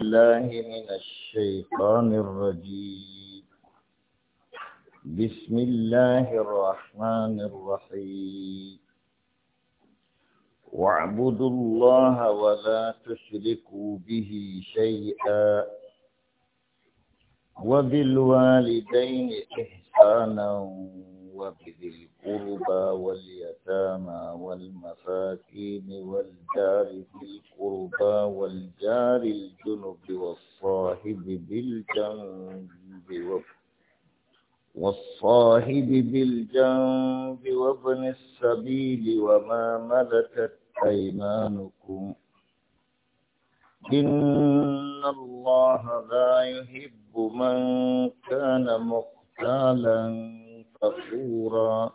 الله من الشيطان الرجيم بسم الله الرحمن الرحيم واعبدوا الله ولا تشركوا به شيئا وبالوالدين إحسانا وبذلك القربى واليتامى والمساكين والجار ذي القربى والجار الجنب والصاحب بالجنب والصاحب بالجنب وابن السبيل وما ملكت أيمانكم إن الله لا يحب من كان مختالا فخورا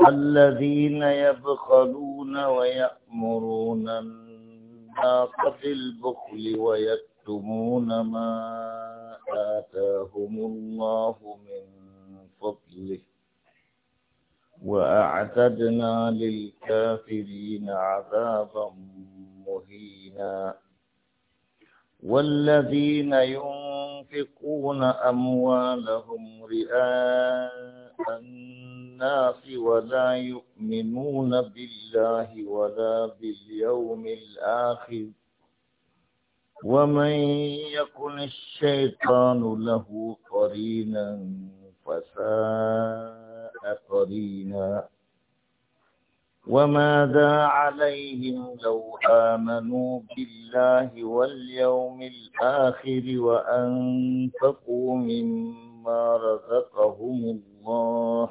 الذين يبخلون ويأمرون الناس بالبخل ويكتمون ما آتاهم الله من فضله وأعتدنا للكافرين عذابا مهينا والذين ينفقون أموالهم رئاء الناس ولا يؤمنون بالله ولا باليوم الآخر ومن يكن الشيطان له قرينا فساء قرينا وماذا عليهم لو آمنوا بالله واليوم الآخر وأنفقوا مما رزقهم الله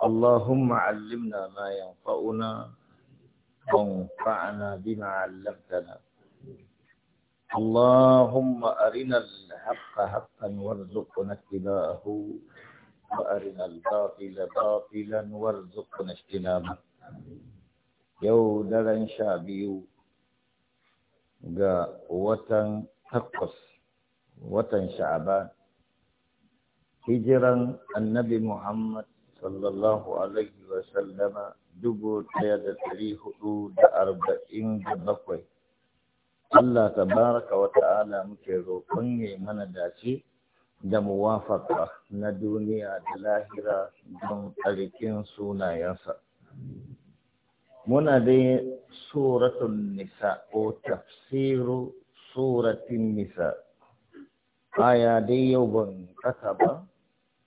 اللهم علمنا ما ينفعنا وانفعنا بما علمتنا اللهم أرنا الحق حقا وارزقنا اتباعه وأرنا الباطل باطلا وارزقنا اجتنابه yau daren sha biyu ga watan takwas watan sha'aban hijiran annabi sallallahu alaihi wa sallama dubu ɗaya da ɗari hudu da arba'in da bakwai. Allah baraka wa ta'ala muke roƙon ya mana dace da muwafaka na duniya da lahira don tsarkin sunayensa. Muna da suratun nisa ko tafsiru suratun nisa. Aya dai yau ban kasa ba,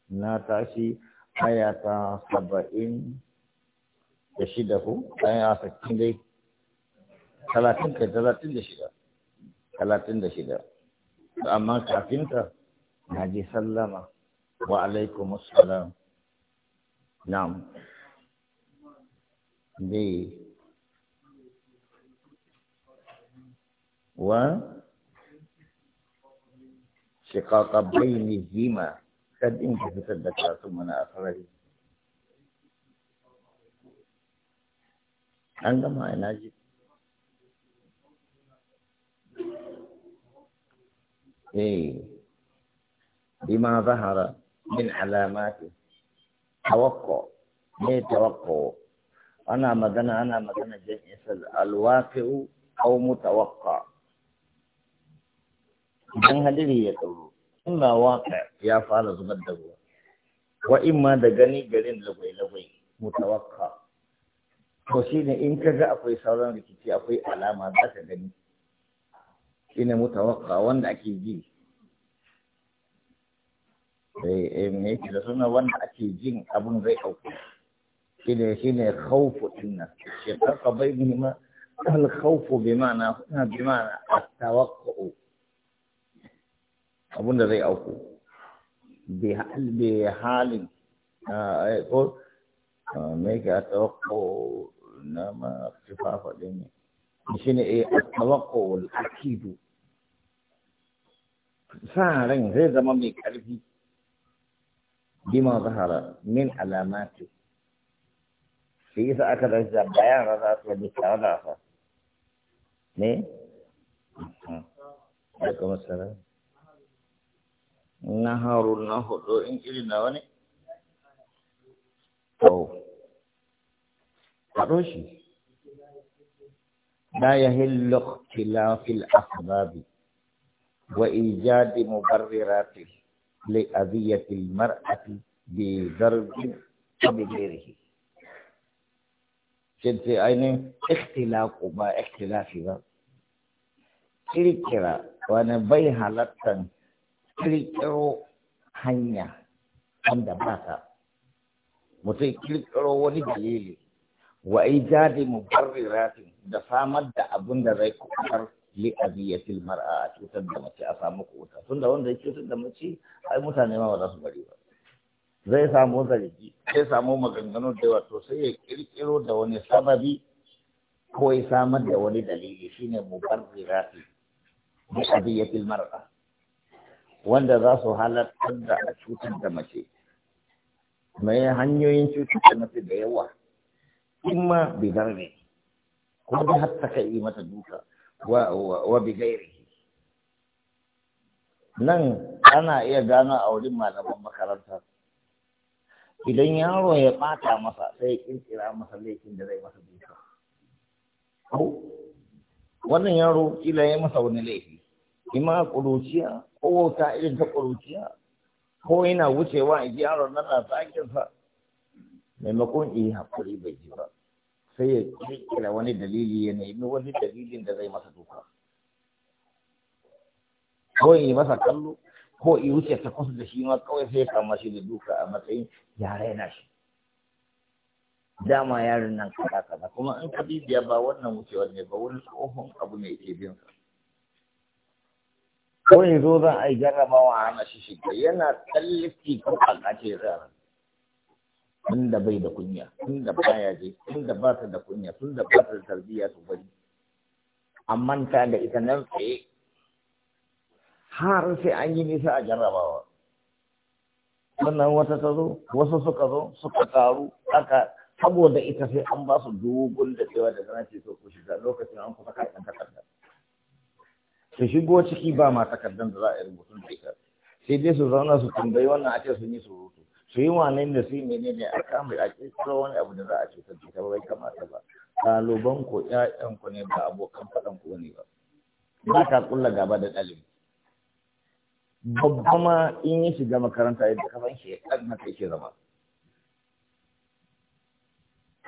na tashi aya ta saba'in da shida ko aya sittin dai talatin kai talatin da shida talatin da shida amma kafin ta na ji sallama wa alaikum assalam na'am dai wa shiqaqa bainihima kad in ka fitar da kasu mana a sarari an gama ina ji eh bima zahara min alamati tawakko ne tawakko ana magana ana magana jam'isal alwaqi'u aw mutawaqqa idan hadiri ya tsoro suna ya fara zubar da ruwa wa imma da gani garin lagwai-lagwai mutawakka to shi ne in ka ga akwai sauran rikici akwai alama za ka gani shi ne mutawakka wanda ake ji eh, eh, me da suna wanda ake jin abin zai auku shi ne shi ne khawfu dinnan shi ka bai ma alhaufu bi ma'ana bi ma'ana a tawakkau abun da zai auku bi halin ko me ke tawakko na ma sifafa din shi ne a tawakko al'akidu sa ran zai zama mai karfi bima zahara min alamati shi yasa aka da shi bayan raza su da tare da ne alaikum assalam naharun na hudu in irin na wani to haɗo shi la yahillu ikhtilafil asbabi wa ijadi mubarrirati li adiyati almar'ati bi darbi bi ghairihi sai ainihin ikhtilaku ba ikhtilafi ba kirkira wani bai halattan kirkiro hanya wanda ba ta mutum kirkiro wani dalili wa ijadi mubarriratin da samar da abun da zai li li'aziyatil mar'a a cutar da mace a samu kuta tunda wanda ya cutar da mace ai mutane ma ba za su bari ba zai samu zargi zai samu maganganu da yawa to sai ya kirkiro da wani sababi ko ya samar da wani dalili shine mubarriratin li'aziyatil mar'a wanda za su halartar da a cutar da mace mai hanyoyin cutar da mace da yawa In ma bi ne. ko da hatta ka yi mata duka wa wa bi gairi nan ana iya gano a wurin malaman makarantar idan yaro ya bata masa sai kira masa laifin da zai masa duka wannan yaro kila ya masa wani laifi ima kuruciya ko wauta irin ta ƙuruciya ko yana wucewa a yaron nan na sa. maimakon yi haƙuri bai ji ba sai ya ƙirƙira wani dalili ya nemi wani dalilin da zai masa duka ko yi masa kallo ko yi wuce ta kusa da shi ma kawai sai ya kama shi da duka a matsayin yara yana shi dama yarin nan kaɗa kaɗa kuma in ka bibiya ba wannan wucewar ne ba wani tsohon abu ne ke bin ko yanzu za a yi jarrabawa a hana shi shiga yana tsallifi ko a kace tun da bai da kunya ba baya je da ba ta da kunya da ba ta da tarbiyya su bari an manta da ita nan tsaye har sai an yi nisa a jarrabawa wannan wata ta zo wasu suka zo suka taru aka saboda ita sai an ba su dogon da cewa da zana ce so ku shiga lokacin an kusa kaɗan takardar su shigo ciki ba ma takardan da za a yi rubutun da ita sai dai su zauna su tambayi wannan a ce sun yi surutu su yi wane da su yi menene a kamar a su wani abu da za a cutar da ita bai kamata ba ɗaliban ko ƴaƴan ku ne ba abokan faɗan ku ne ba ba ka kulla gaba da ɗalibi babba ma in yi shiga makaranta yadda san shi ya na haka yake zama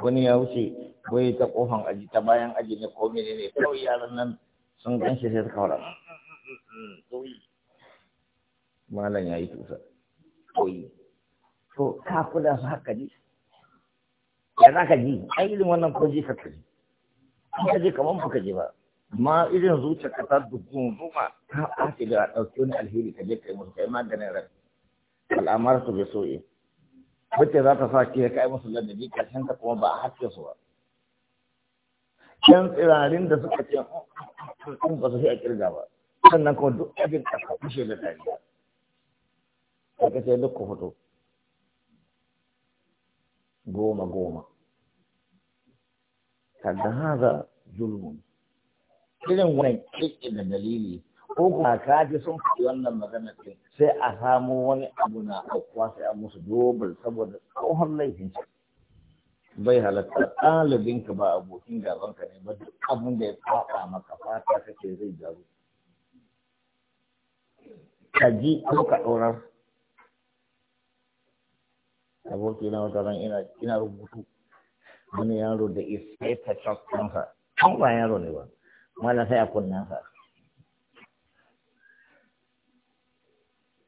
wani ya wuce wai ta kofan aji ta bayan aji ne ko menene kawai yaran nan sun ɗan shi sai suka fara malam ya yi tusa koyi to ka kula su haka ji ya za ka ji ai irin wannan ko ji ka ji ka ji kamar baka ji ba ma irin zuciya ka ta dubun zuma ta ɓace da ɗauki wani alheri ka je kai musu kai maganin rai al'amar su bai soye wacce za ta sa ki kai musu ladabi karshen ta kuma ba a hakke su ba yan tsirarin da suka ce oh, sun ba su fi a kirga ba sannan kuma duk abin da ka kushe da dariya ce duk ku fito goma goma kaga haza zulmun irin wani kirki da dalili ko kuma kaji sun fi wannan magana sai a samu wani abu na aukuwa sai a musu dobal saboda tsohon laifin shi bai halatta ka ba abokin ka ne ba duk abin da ya faɗa maka fata kake zai gaba ka ji ko ka ɗorar aboki na wata ran ina rubutu wani yaro da isa ta cakunsa an ba yaro ne ba mala sai a kunnensa.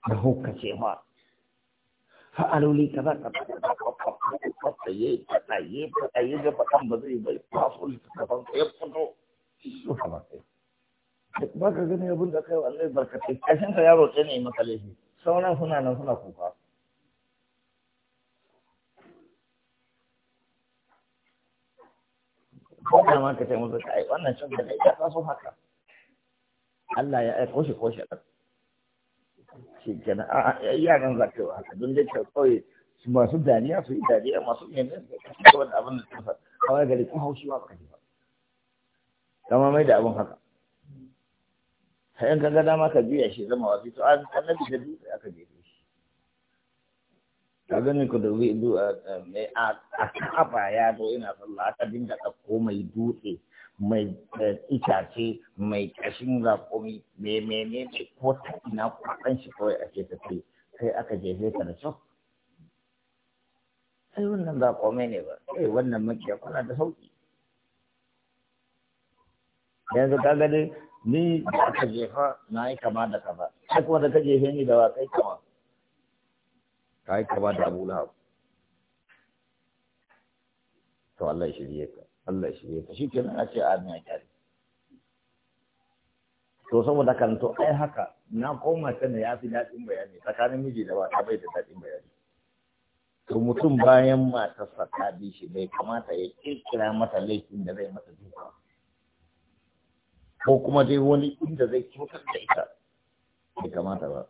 da hukace ma fa'aloli kaza kaza kaza kaza ya faɗa ya faɗa ya ga faɗan ba zai bai faso littattafan ya fito su haɓa kai ba ka gani abin da kai wallahi barkatai kashin ka yaro ɗaya ne maka laifi sauran suna nan suna kuka ko da ma ka ce musu kai wannan shan da kai ya faso haka Allah ya aiko shi ko shi ɗan shi kenan a yaran za ka yi haka don dai ka kawai masu dariya su yi dariya masu mene su da abin da ta faru a gari kuma haushi ba ka ba kama mai da abin haka sai in ka ga dama ka juya shi zama wasu to an annabi da dutse aka jefe shi ka gani ku da wai eh, eh, a kafa ya zo ina sallah aka dinga ɗauko komai dutse mai eh, itace mai kashin raƙumi mai mene ne ko ta ina kwaɗan shi kawai ake tafi sai aka jefe ka da su ai wannan ba kome ne ba sai eh, wannan muke kuna da sauki yanzu ka gani ni da aka jefa na yi kama da kafa sai kuma da ka jefe ni da wa kai kama ka yi kama da abu lahab to Allah ya shirye ka Allah shi ne shi kenan a ce amin a kyari to saboda kan to ai haka na koma na ya fi daɗin bayani tsakanin miji da mata bai da daɗin bayani to mutum bayan matarsa ta bi shi bai kamata ya kirkira mata laifin da zai mata duka ko kuma dai wani inda zai kyautar da ita bai kamata ba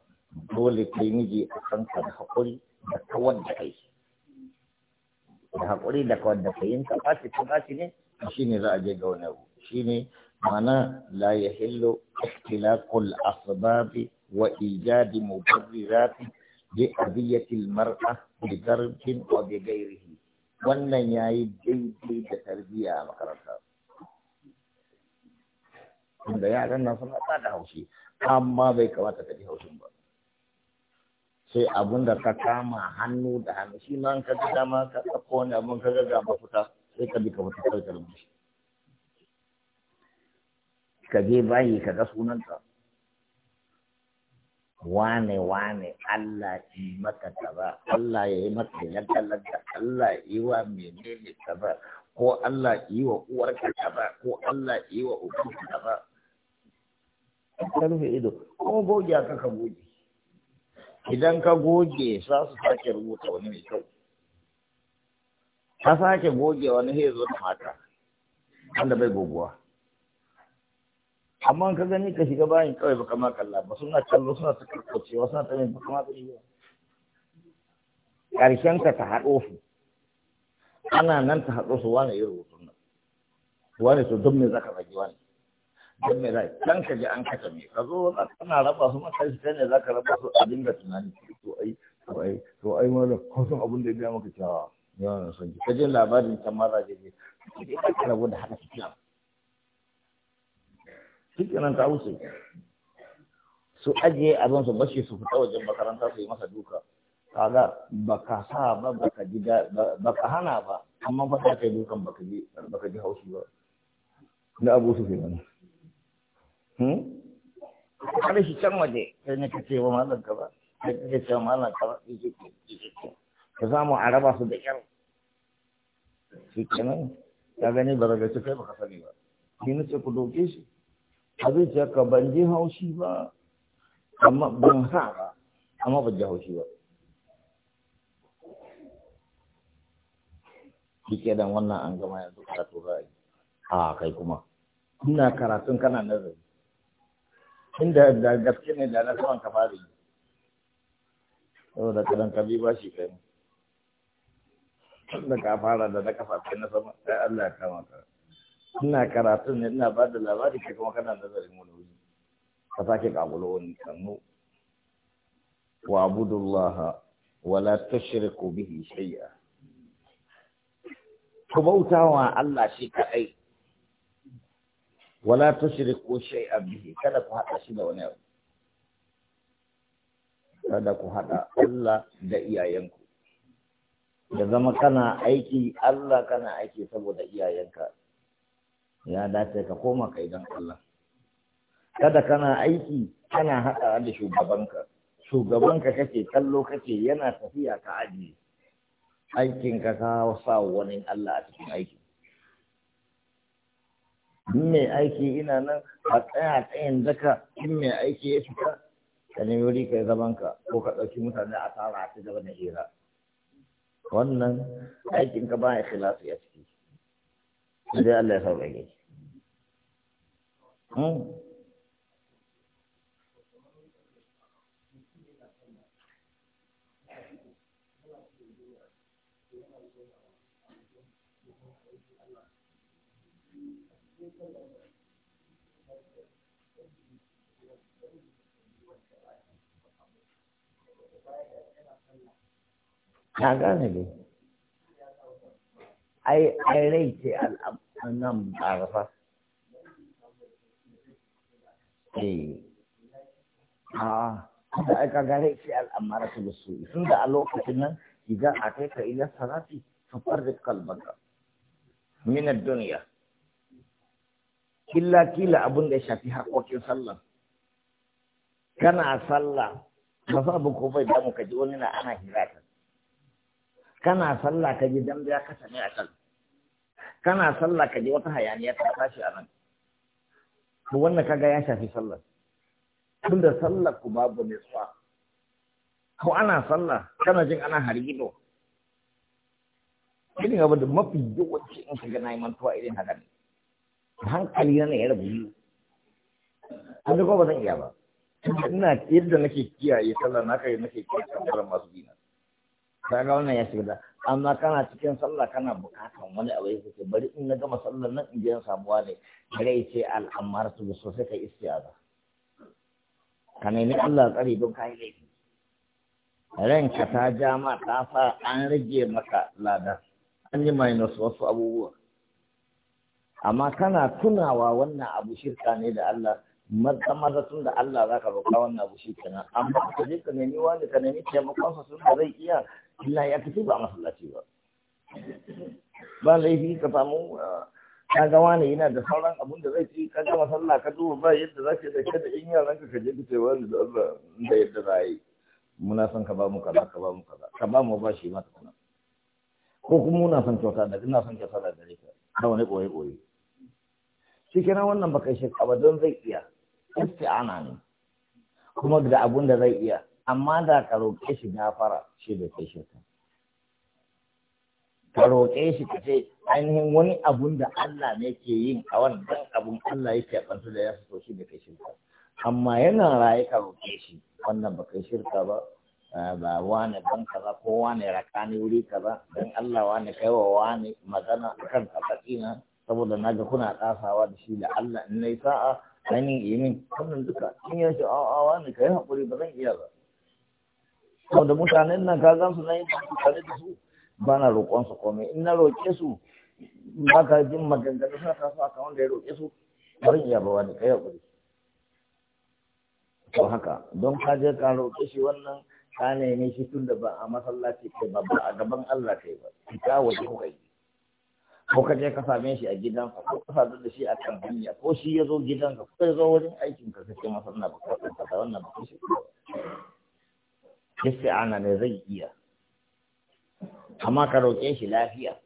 dole kai miji a kanka da haƙuri da kawar da kai da haƙuri da kawar da kayin ka ɓaci ko ɓaci ne shi ne za a je ga wani abu shi mana la ya hillo ikhtilaqul asbabi wa ijadi mubarrirati bi abiyatil mar'a bi darbin wa bi ghairihi wannan yayi daidai da tarbiya a makaranta tunda yaran nan suna tsada haushi amma bai kawata ka ji haushin ba sai abun da ka kama hannu da hannu shi ma ka ji dama ka tsakko wani abun ka ba mafuta sai ka bi ka fita kai kalma shi ka je bayi ka ga sunanta. wane wane Allah yi maka kaza Allah ya yi maka yanka lanka Allah yi wa menene kaza ko Allah yi wa uwarka kaza ko Allah yi wa ubanka kaza ka rufe ido ko goge ka ka goge idan ka goge za su sake rubuta wani mai kyau ka sake goge wani sai zo da mata wanda bai goguwa amma ka gani ka shiga bayan kawai baka ma kalla ba suna kallo suna ta karkocewa suna ta mai baka ma kalla ba karshen ka ta haɗo su ana nan ta haɗo su wani yi rubutun nan wani to don me zaka zagi wani don me zai dan ka ji an kasa me ka zo za kana raba su maka shi ne za ka raba su a dinga tunani to ai to ai to ai ma da kusan abin da ya gaya maka cewa yawan son ji ka jin labarin can ma za ka je ka rabu da haka cikin cikin nan ta wuce su ajiye abin su bashi su fita wajen makaranta su yi masa duka kaga baka sa ba baka ji baka hana ba amma fa sai kai dukan baka ji baka ji haushi ba na abu su fi kada hmm? shi can waje sai ka cewa malam ka ba ce cewa malam ka ba shi ke ka samu a su da kyau shi kenan ka gani ba daga su kai ba ka sani ba shi ce ku doke shi a zai ce ban je haushi ba ban ba ban je haushi ba wannan an yanzu ina karatun kana nazari inda da gaske ne da na saman ka fara yi saboda kadan ka bi ba shi kai tun da ka fara da na kafa kai na sama sai Allah ya kama ka ina karatu ne ina ba da labari kai kuma kana nazarin wani wuri ka sake kagulo wani kanu wa abudullaha wala tushriku bihi shay'a ku bautawa Allah shi kadai wala shai a bihi kada ku hada shi da wani abu kada ku hada Allah da iyayenku da zama kana aiki Allah kana aiki saboda iyayenka ya dace ka koma kai don Allah kada kana aiki kana hada da shugabanka shugabanka kake kallo kake yana tafiya ka ajiye aikinka ka sa wani Allah a cikin aiki. in mai aiki ina nan a tsaya tsayin in mai aiki ya fita ka nemi wuri kai zaman ka ko ka ɗauki mutane a tsara a cigaba da hira wannan aikin ka ba ya khilafi a ciki sai Allah ya sauƙaƙe. ka gane dai ai ai rai ce al'amuran barfa. eh a da ka gane ce al'amara ta su sun da a lokacin nan idan a kai ka ila sarati su farri kalbaka minar duniya killa kila abin da ya shafi haƙoƙin sallah kana sallah ba sa abin ko bai damu ka ji wani na ana hirata kana sallah ka ji dambe ya kasa ne a kan kana sallah ka ji wata hayaniya ta tashi a nan to wannan kaga ya shafi sallar tunda sallah ku babu nutsuwa ko ana sallah kana jin ana hargido irin abu da mafi yawanci in ka nayi mantuwa irin haka ne hankali na ne ya rabu biyu an ko ba zan iya ba ina yadda nake kiyaye sallah na kai nake kiyaye sallar masu dina kaga wannan ya shiga amma kana cikin sallah kana bukatan wani abu ya ce bari in na gama sallar nan in je in samu wani rai ce al'amar su so sai ka istiyaza ka nemi Allah tsari don kai laifi ranka ta ja ma ta fa an rage maka lada an yi minus wasu abubuwa amma kana tunawa wannan abu shirka ne da Allah maza maza tun da Allah za ka roƙa wannan abu shi kenan amma ka je ka nemi wani ka nemi taimakon sa sun da zai iya illa ya kace ba masallaci ba ba laifi ka samu ah, ka ga wani yana da sauran abun da zai ci ka ga masalla ka duba ba yadda za ka zaka da in yaran ka ka je ka ce wani da Allah da yadda za yi muna son ka ba mu kaza ka ba mu kaza ka ba mu ba shi ma tukuna ko kuma muna son kyauta da ina son kyauta da dare ka na wani boye boye shi kenan wannan baka shi don zai iya isti'ana ne kuma da abun da zai iya amma da ka roƙe shi gafara shi da kai shi ta ka roƙe shi ka ce ainihin wani abun da Allah ne ke yin a wannan abun Allah yake ɓantu da ya so shi da kai ta. amma yana raye ka roƙe shi wannan ba kai shirka ba ba ne ban kaza ko wane rakani wuri kaza dan Allah wane kai wa wane magana akan tsakatsina saboda na ga kuna kasawa da shi da Allah in nayi sa'a ainihin yi min wannan duka in ya a'a kai haƙuri ba zan iya ba sau da mutanen nan ka zan su nan yin tare da su ba na roƙon su kome in na roƙe su ba ka jin maganganu sa kasu su akan wanda ya roƙe su bari iya ba wani kai hakuri to haka don ka je ka roƙe shi wannan ka neme shi tun da ba a masallaci kai ba ba a gaban Allah kai ba ka waje ko kai? ko ka je ka same shi a gidansa ko ka sadu da shi a kan hanya ko shi ya zo gidansa ko ya zo wurin aikin ka kace masa na bukatar ka wannan ba shi isti'ana ne zai iya amma ka roƙe shi lafiya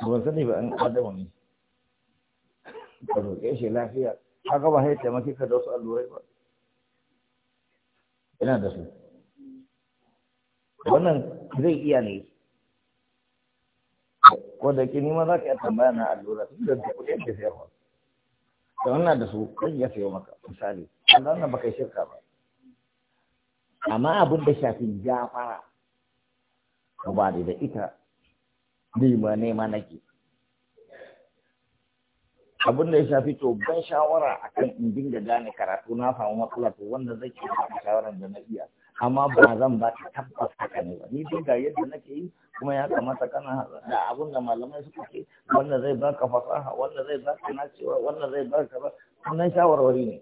ban sani ba an adama ne ka roƙe shi lafiya haka ba sai taimaki ka da wasu allurai ba ina da su wannan zai iya ne ko da ke nima za ka yi tambaya na allura tun da ta kuɗi ke sayarwa da wannan da su kan ya sayo maka misali Allah wannan baka shirka ba amma abin da shafi gafara ba da ita nema nema nake abin da ya shafi to ban shawara akan in dinga gane karatu na samu matsala to wanda zai ke ba shawaran da na iya amma ba zan ba ta tabbas haka ne ba ni dinga yadda nake yi kuma ya kamata kana da abin da malamai suka ce wanda zai baka fasaha wanda zai baka nacewa wanda zai baka ba wannan shawarwari ne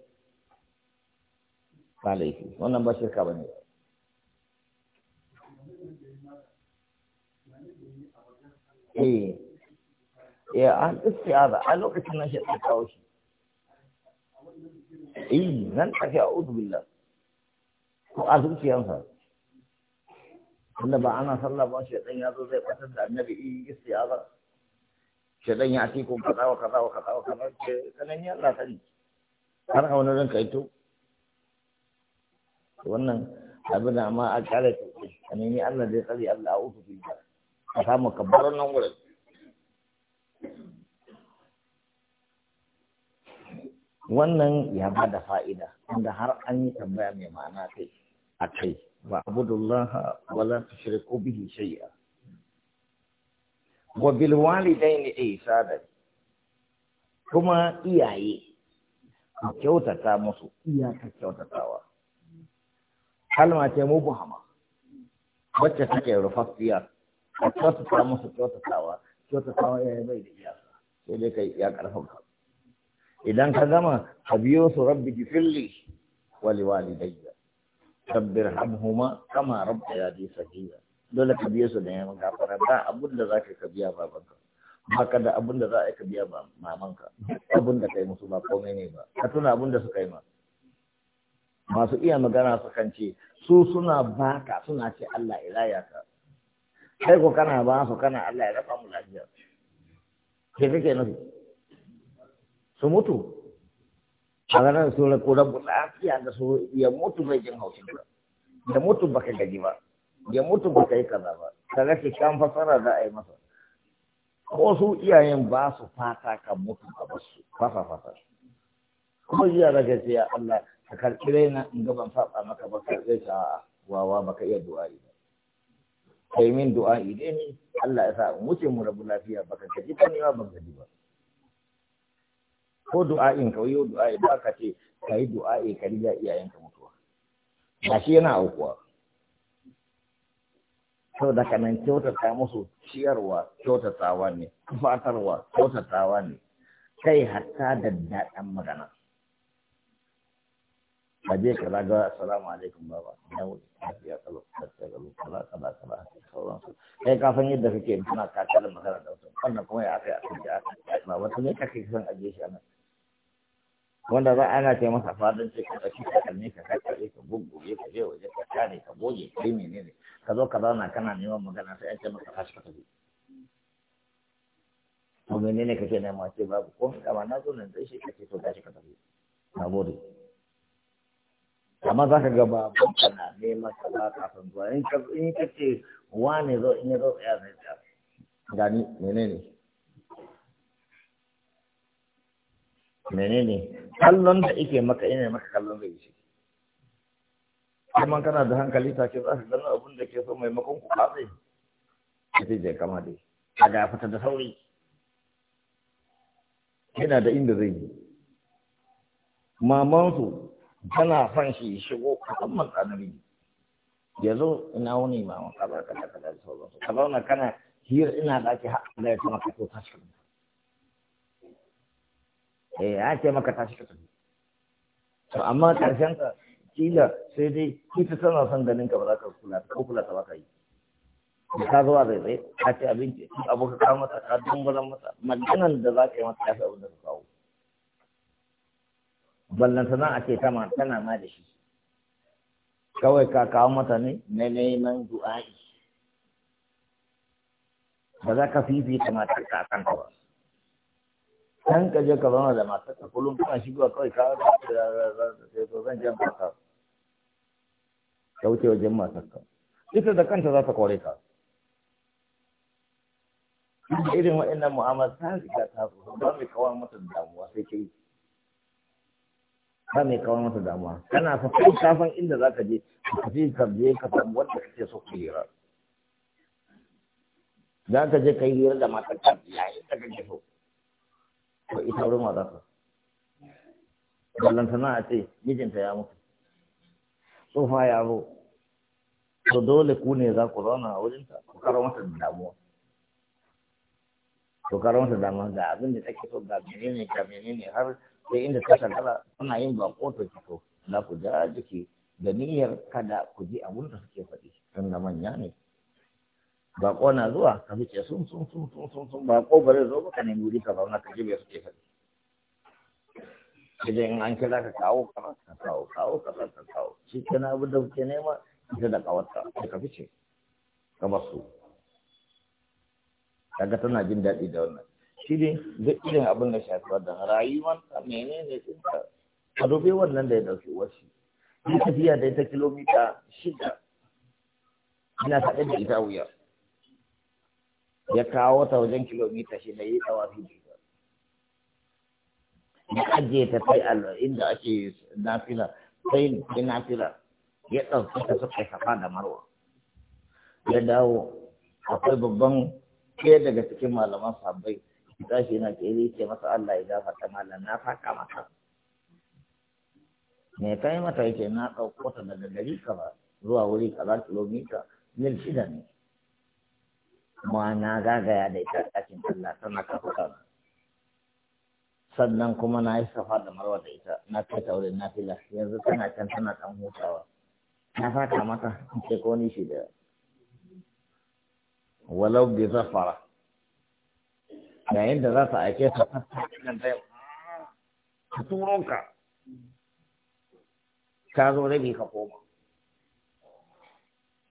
ba laifi wannan ba shirka ba ne eh ya eh, an istiaza a lokacin na shi ta kawo shi eh nan take a'udhu billah ko a zuciyansa Wanda ba ana sallah ba shi dan yazo zai batar da annabi eh istiaza shi dan ya ci ko kaza wa kaza wa kaza wa kaza Kana sanan ya Allah sani har a wani ranka ito wannan abin da ma a kare kuɗi a nemi Allah zai tsari Allah a uku fita a samu kabbaran nan wurin wannan ya ba da fa'ida wanda har an yi tambaya mai ma'ana kai a kai wa abudullah wala tushriku bihi shay'a wa bil ya ihsana kuma iyaye kyautata musu iyaka kyautatawa halma ce mu hama wacce take rufafiya a ta musu kyautatawa sawa ya yi bai da iyaka sai dai ka ya ka idan ka gama ka biyo su rabbi gifilli wali wali dayya. rabbir hamhuma kama rabba ya ji sahiya dole ka biyo su da yamma gafara ba abun da za ka biya babanka baka da abun da za a yi ka biya mamanka abun da kai musu ba komai ne ba ka tuna abun da suka yi ma masu iya magana sukan ce su suna baka suna ce Allah ya raya ka kai ko kana ba su kana Allah ya raba mu lafiya ke kake nufi su mutu a ranar su ko rabu lafiya da su ya mutu bai jin haushin ba da mutu baka gaji ba ya mutu baka yi kaza ba kaga ce kan fasara za a yi masa ko su iyayen ba su fata kan mutu a basu fasa fasa kuma jiya daga ce ya Allah ka karɓi raina in ga ban saba maka ba ka zai ta wawa baka iya du'a'i ba kai min du'a dai ne Allah ya sa in wuce mu rabu lafiya baka gaji ko ni ba ban gaji ba ko du'a'in ka yau du'a ba ka ce ka yi du'a'i ka riga iyayenka mutuwa ba shi yana aukuwa sau da kanan kyautata musu ciyarwa kyautatawa ne fatarwa kyautatawa ne kai hatta da daɗin magana a je ka zaga assalamu alaikum baba ya wuce lafiya ga mu kalau kaza kaza sauran su kai ka san yadda kake kuma ka kalla magana da wannan wannan kuma ya kai a cikin ya ba wata ne kake san aje shi a wanda za ana ce masa fadin ce ka ɗauki ka kalle ka kakkare ka gugguge ka je waje ka tare ka goge kai menene ka zo ka zauna kana neman magana sai an ce maka tashi ka tafi to menene kake nema ce babu komai kama na zo nan sai shi kace to tashi ka tafi na gode amma za ka gaba banka na neman ka ba kafin zuwa in ka in ka ce wane zo in ya zo tsaya zai tsaya gani menene menene kallon da ike maka ina maka kallon zai yi kuma kana da hankali ta ke? za ka gano abin da ke so maimakon ku katse ita je kama dai a ga fita da sauri yana da inda zai yi mamansu kana son shi shigo musamman tsanani ya zo ina wani ma mun kaza kaza kaza da sauransu ka zauna kana hira ina da har Allah ya ce maka to tashi ka eh ya ce maka tashi ka to amma karshen ka kila sai dai ita tana son ganin ka ba za ka kula ka kula ta ba ka yi ka zuwa zai zai ka ce abinci abokan kawo mata ka dungulan mata madanan da za ka yi mata ya fi abin da ka kawo ballan sana a ce tana tana ma da shi kawai ka kawo mata ne na neman du'a'i ba za ka ta matar ka kan ta ba kan ka je ka zama da matar ka kullum kana shigowa kawai ka sai to zan jan ka ka wuce wajen matar ka ita da kanta za ta kore ka irin waɗannan mu'amala ta riga ta zo ba mai kawo mata damuwa sai ke yi. ba mai kawo masa damuwa kana fa kai kafan inda za ka je ka fi ka je ka samu wanda kake so ka hira za ka je ka yi hira da matar ka yayin da kake so ko ita wurin wa za ka ballantana a ce mijinta ya mutu tsofa ya zo to dole ku ne za ku zauna a wurinta ku karo masa damuwa to karo masa damuwa ga abin da take so ga menene ga menene har sai inda ta shagala suna yin bako ta fito na ku da jiki da niyyar kada ku ji abun da suke faɗi tun da manya ne bako na zuwa ka fice sun sun sun sun sun sun bako bare zo ba ka nemi wuri ka zauna ka ji me suke faɗi dai in an kira ka kawo kaza ka kawo kawo kaza ka kawo shi na abin da kuke nema ita da kawarta ka ce ka basu kaga tana jin daɗi da wannan shi ne duk irin abin da shafi wadda rayuwar ta sun tsinka a dobe wannan da ya dauki wasu yi tafiya da ta kilomita shida ina saɗe da ita wuya ya kawo ta wajen kilomita shida yi tsawa fi ita. ya ajiye ta kai ala inda ake nafila kai ta nafila ya ɗauki ta suka safa da marwa ya dawo akwai babban ke daga cikin malaman sabbai tashi na tsere ce masa Allah ya gafarta malam na faka mata me kai mata yake na ɗauko ta daga gari kaza zuwa wuri kaza kilomita mil shida ne Ma na zagaya da ita ɗakin Allah tana kafa sannan kuma na yi safa da marwa da ita na kai ta wurin fila, yanzu tana can tana ɗan hutawa na faka mata ce ko ni shi da walau bi zafara yayin da za su aike su ka turo ka ka zo rabi ka koma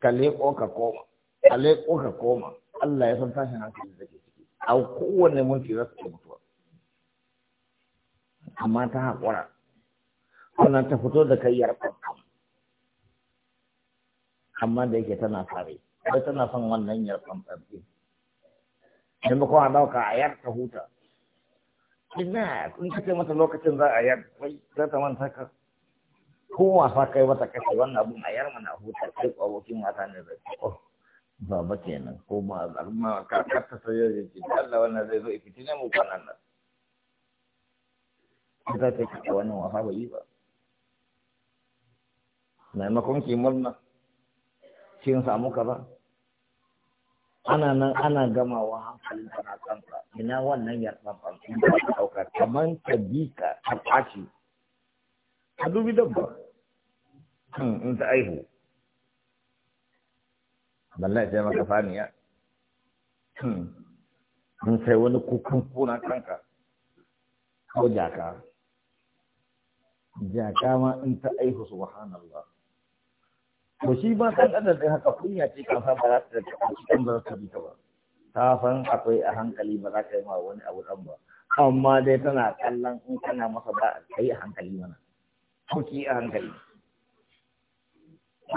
ka leƙo ka koma ka leƙo ka koma Allah ya san tashin hankali da ke ciki a kowane mulki za su ke mutuwa amma ta haƙura wannan ta fito da kai yarfa amma da yake tana sare, sai tana son wannan yarfan ɗin maimakon a dauka a yar ta huta ina kun kace mata lokacin za a yar wai za ta manta ka ko fa kai mata kace wannan abun a yar mana huta kai abokin mata ne Ba ba oh, baba kenan ko ma al'umma ka ta sayar da ki Allah wannan zai zo ifitina mu kwanan nan za ta kace wannan fa bai yi ba maimakon ki murna kin samu ba ana nan ana gamawa hankalin tana kanka ina wannan yarfan sun da ta ɗauka kamar ta bi ka ta ɓaci a dubi dabba hmm, in ta aihu ballai sai maka faniya hmm. in sai wani kukan kuna kanka ko jaka jaka ma in ta aihu subhanallah to shi ba san da din haka kunya ce kafa ba za ta da cikin ba ta bi ba ta san akwai a hankali ba za ka yi ma wani abu dan ba amma dai tana kallon in kana masa ba kai a hankali mana ko ki a hankali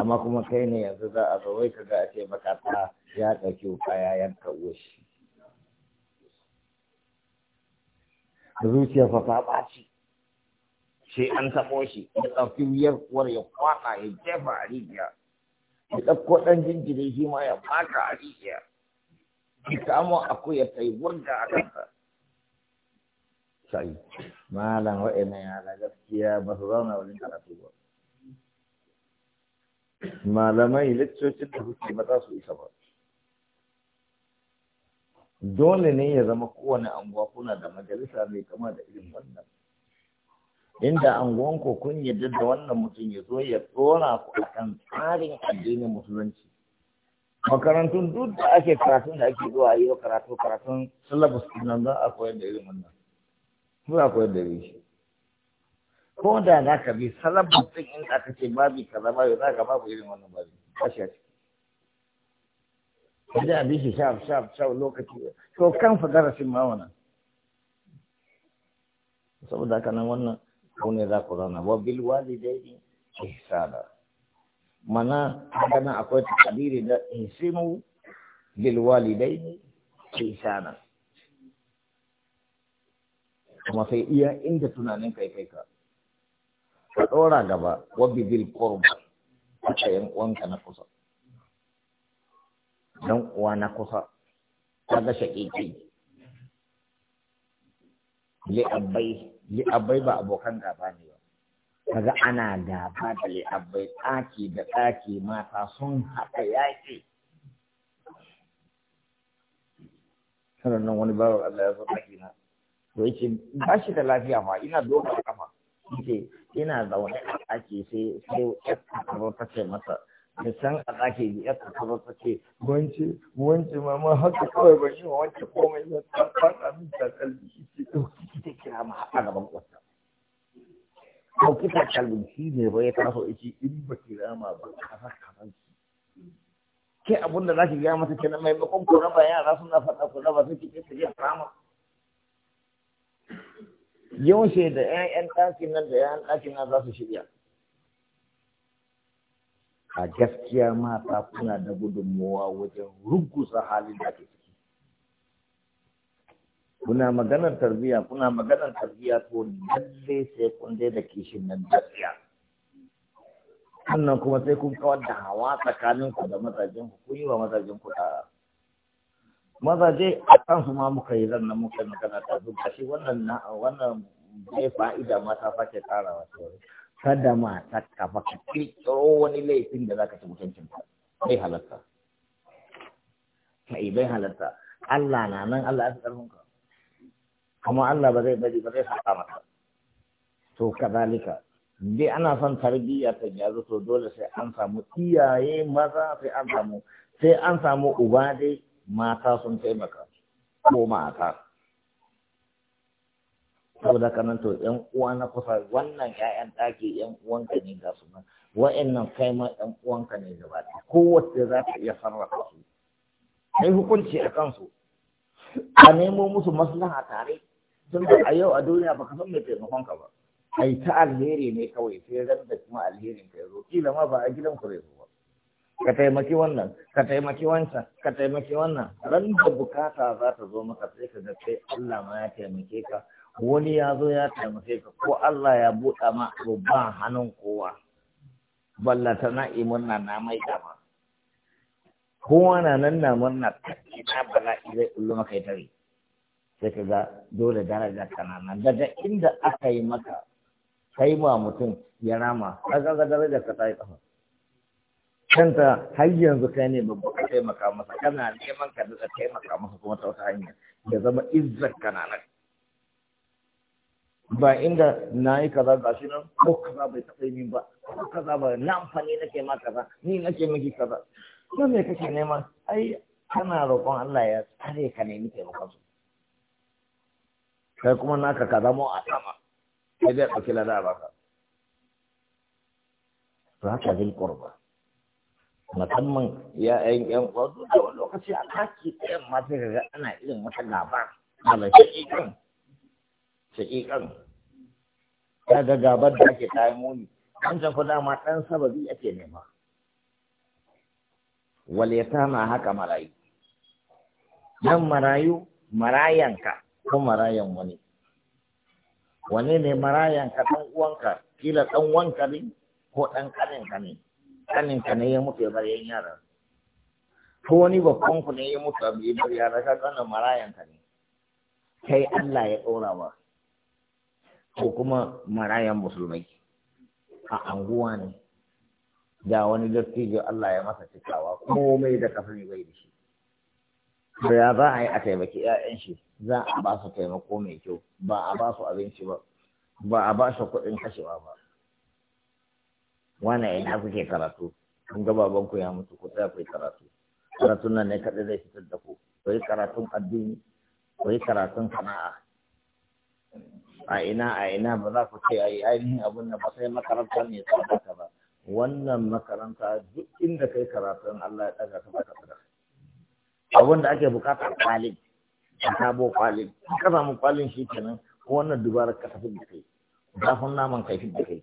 amma kuma kai ne yanzu za a zo wai ka ga a ce maka ta ya ɗauki wuka ya yanka wushi zuciya fa ta ɓaci sai an taɓo shi ya ɗauki wuyar ya kwaɗa ya jefa a rijiya ya ɗauko ɗan jinjiri shi ma ya faka a rijiya ya kamo akwai ya yi wurga a kansa sai malam wa'ina yara gaskiya ba su zauna wajen karatu ba malamai littocin da suke ba za su isa ba dole ne ya zama kowane anguwa kuna da majalisa mai kama da irin wannan inda anguwanku kun yarda da wannan mutum ya zo ya tsora ku a kan tsarin addinin musulunci makarantun duk da ake karatun da ake zuwa yi karatu karatun syllabus nan za a koyar da irin wannan su a koyar da shi ko da za ka bi syllabus din in aka ce babi kaza babi za ka babu irin wannan babi ba shi a idan a bi shi shaf shaf lokaci to kan fa darasin ma wannan saboda haka nan wannan Kaune za ku zauna wa bil walidaini ihsana mana kana akwai takdiri da ihsinu bil walidaini ihsana kuma sai iya inda tunanin kai kai ka ka ɗora gaba wabbi bil qurba yan uwanka na kusa dan uwa na kusa kaga shaƙiƙi li abai. li'abbai ba abokan gaba ne ba kaga ana gaba da li'abbai ɗaki da ɗaki, mata sun haɗa yaƙi nan wani bawa Allah ya zo tsaki na to yake ba shi da lafiya ma ina doka kafa yake ina zaune a ɗaki sai sai ya ta ce masa da san a zaki yi ya tsaka ba tsake wance wance ma ma haka kawai ba shi wance komai ba tsafan abin ta kalbi ce ɗauki kita kira ma a gaban kwasa ɗauki ta kalbi shi ne ba ya taso ce in ba kira ma ba kaza kaza ke abin da zaki gaya masa kenan maimakon ku raba yara suna faɗa ku ba su kike su je fama yawan da 'ya'yan ɗakin nan da 'ya'yan ɗakin nan za su shirya a gaskiya mata kuna da gudunmowa wajen rugusa halin da ake ciki kuna maganar tarbiyya kuna maganar tarbiyya ko lalle sai kun dai da kishin nan gaskiya sannan kuma sai kun kawar da hawa tsakaninku da mazajen ku kun yi wa mazajen ku tara mazaje a su ma muka yi zan nan muka magana ta zuba shi wannan na wannan bai fa'ida mata sake ta yi. kada ma ta kafa ka kirkiro wani laifin da zaka ci mutuncin ka bai halatta mai bai halatta Allah na nan Allah ya fi karfin ka kuma Allah ba zai bari ba zai saka maka to kadalika dai ana son tarbiyya ta gyaru to dole sai an samu iyaye maza sai an samu sai an samu uba dai mata sun taimaka ko mata saboda haka nan to yan uwa na kusa wannan ƴaƴan ɗaki yan uwanka ne ga su nan wa'annan kai ma yan uwanka ne gaba ɗaya kowace za ta iya sarrafa su kai hukunci a kansu a nemo musu maslaha tare tun da a yau a duniya baka san mai taimakon ka ba ai ta alheri ne kawai sai ran da kuma alherin ka yazo kila ma ba a gidan ku zai ba ka taimaki wannan ka taimaki wancan ka taimaki wannan ran da bukata za ta zo maka sai ka ga kai Allah ma ya taimake ka wani ya zo ya taimake ka ko Allah ya buɗa ma rubban hannun kowa Balla na imunna na mai dama kowa na nan na murna kake na bala zai kullu maka ya tare sai ka ga dole daraja nan daga inda aka yi maka kai ma mutum ya rama kaga ga daraja ka ta yi kafa kanta har yanzu kai ne babba ka taimaka masa kana neman ka daga taimaka masa kuma ta wata hanya ya zama izzar kananan. ba inda na yi kaza ga shi nan ko kaza bai taɓa yi ba ko kaza ba na amfani nake ma kaza ni nake miki kaza ko me kake nema ai kana roƙon Allah ya tare ka nemi taimakon su kai kuma naka kaza mu a sama sai dai ɗauki lada ba ka to haka zai ƙurba musamman ya ƴan ƴan ƙwazo da lokaci a kaki ɗayan ma sai ka ga ana irin wata gaba a shi shaƙiƙan ta ga gabar da ake kayan muni wancan ku dama ɗan sababi ake nema waleta na haka marayu nan marayu marayanka ko marayan wani Wani ne marayanka ɗan uwanka kila ɗan wanka ne ko ɗan ƙaninka ne ƙaninka ne ya mutu ya bar yan yaran ko wani babban ku ne ya mutu a bai bar yara ka ƙanan marayanka ne kai Allah ya ɗora wa ko kuma marayan musulmai a anguwa ne da wani dattijo Allah ya masa cikawa komai da kafin bai da shi to ya za a yi a taimaki 'ya'yan shi za a ba su taimako mai kyau ba a ba su abinci ba ba a ba su kuɗin kashewa ba wannan ina kuke karatu kun ga baban ya mutu ku tsaya ku karatu karatun nan ne kaɗai zai fitar da ku ku karatun addini ku karatun sana'a a ina a ina ba za ku ce a yi ainihin abin nan ba sai makaranta ne ta baka ba wannan makaranta duk inda kai karatun Allah ya daga ka baka tsada abin da ake bukata kwalin ka sabo kwalin ka samu kwalin shi kenan ko wannan dubarar ka tafi da kai kun naman kai da kai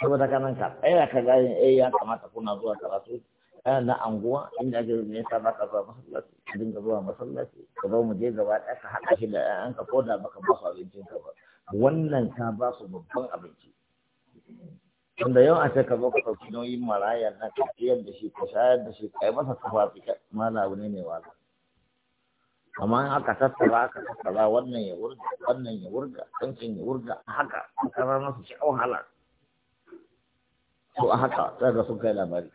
saboda kanan ka tsaya ka gane eh ya kamata kuna zuwa karatu Eh, na anguwa inda ake ne sa baka zuwa masallaci ka dinga zuwa masallaci ka zo mu je gaba ɗaya ka haɗa shi da ƴaƴan ka ko da baka ba su abincin ka ba wannan ka ba su babban abinci wanda yau a ce ka zo ka ɗauki nauyin marayan na ka ciyar da shi ka shayar da shi ka yi masa tufafi ka na wani ne wala amma in aka tattara aka tattara wannan ya wurga wannan ya wurga wancan ya wurga haka kama rana su sha wahala to a haka sai ka sun kai labari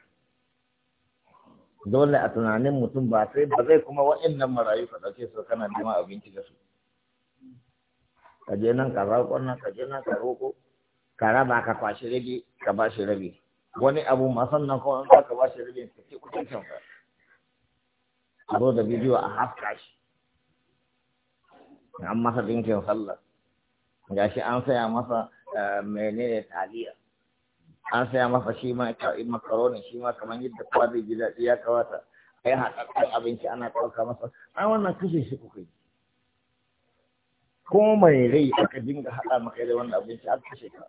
dole a tunanin mutum ba sai ba zai kuma waɗannan marayu ka ɗauke su kana nema abinci da su ka je nan ka roƙo nan ka je nan ka roƙo ka raba ka kwashi rabi ka ba shi rabi wani abu ma sannan kuma in ka ba shi rabi ka ce kuɗin can ka a zo da bidiyo a hafka shi an masa ɗinkin sallah gashi an saya masa eh, menene taliya an saya masa shi ma makaroni shi ma kamar yadda kowa zai ji daɗi ya kawata a yi haɗaɗɗen abinci ana ɗauka masa an wannan kashe shi kuka yi ko mai rai aka dinga haɗa maka da wannan abinci an kashe ka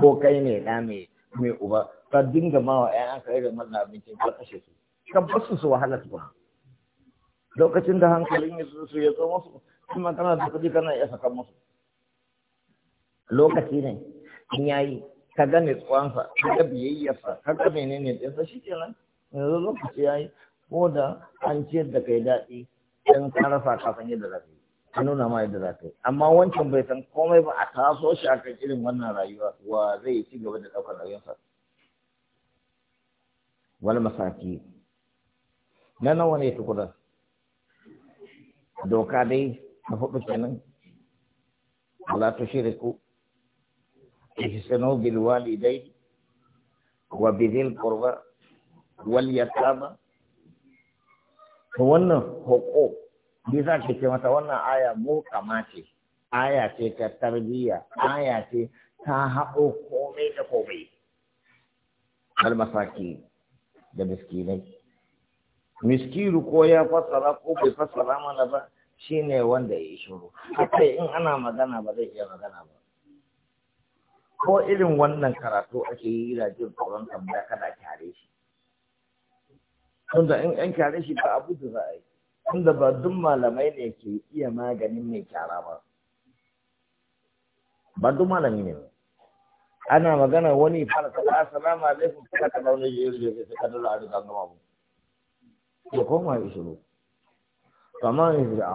ko kai ne na mai mai uba ka dinga ma wa ƴan aka irin wannan abincin ka kashe su ka bar su su wahala tukuna lokacin da hankalin ya su ya zo musu kuma kana da kuɗi kana iya sakan musu lokaci ne in yayi ka ga nutsuwansa ka ga biyayyarsa ka ga menene ɗinsa shi kenan yanzu lokaci ya yi ko da an ciyar da kai daɗi ɗan ka rasa ka san yadda za ka yi an nuna ma yadda za ka yi amma wancan bai san komai ba a taso shi a kan irin wannan rayuwa wa zai ci gaba da ɗaukar rayuwarsa. Wani masaki na nawa ne tukura? doka dai na hudu kenan wala ku? ihsanu bil walidai wa bidil qurba wal yatama wannan hoko bi za ka ce mata wannan aya mu kamace aya ce ta tarbiyya aya ce ta haɗo komai da komai al masaki da miskinai miskiru ko ya fassara ko bai fassara mana ba shine wanda ya yi shiru haka in ana magana ba zai iya magana ba ko irin wannan karatu ake yi yana jin tsoron tambaya kada kyare shi tunda in an kyare shi ba abu da za a yi tunda ba duk malamai ne ke iya maganin mai kyara ba ba duk malami ne ana magana wani fara sala assalamu alaikum kada ka zaune je je sai ka dole a riga gama mu ya koma shi shiru kamar ne da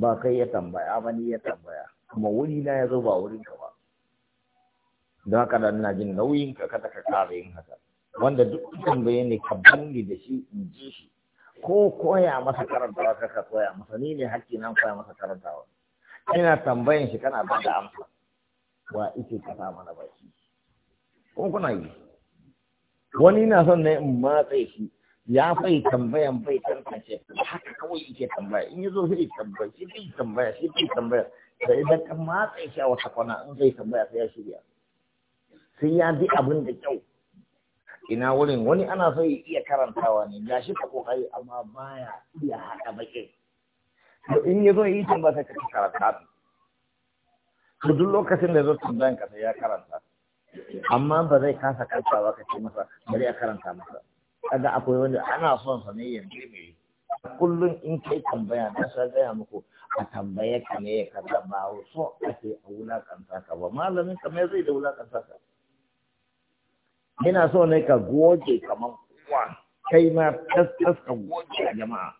ba kai ya tambaya ba ni ya tambaya kuma wuri na ya zo ba wurin ka ba don haka da ina jin nauyin ka kada ka kara yin haka wanda duk tambaye ne ka bangi da shi in ji shi ko koya masa karantawa ka koya masa ni ne hakki nan koya masa karantawa ina tambayan shi kana ba da amsa wa ike ka sa mana baki Ko kuna yi wani na son ne in matsa shi ya fai tambayan bai tantance haka kawai yake tambaya in yazo sai tambaya shi bai tambaya shi bai tambaya da idan ka matse shi a wata kwana in zai tambaya sai ya shirya sai ya bi abin da kyau ina wurin wani ana so ya iya karantawa ne ga shi ta kokari amma baya iya haɗa baƙi to in ya zo yi ba sai ka karanta to duk lokacin da zo tambayan ka sai ya karanta amma ba zai kasa ba ka ce masa bari a karanta masa kaga akwai wanda ana son sa ne yanzu ne. kullum in kai tambaya na sa gaya muku a tambaye ka ne ya kaza ba so ake a wulakanta ka ba malamin ka mai zai da wulakanta ka ina so ne ka goge kamar kowa kai ma tas ka goge a jama'a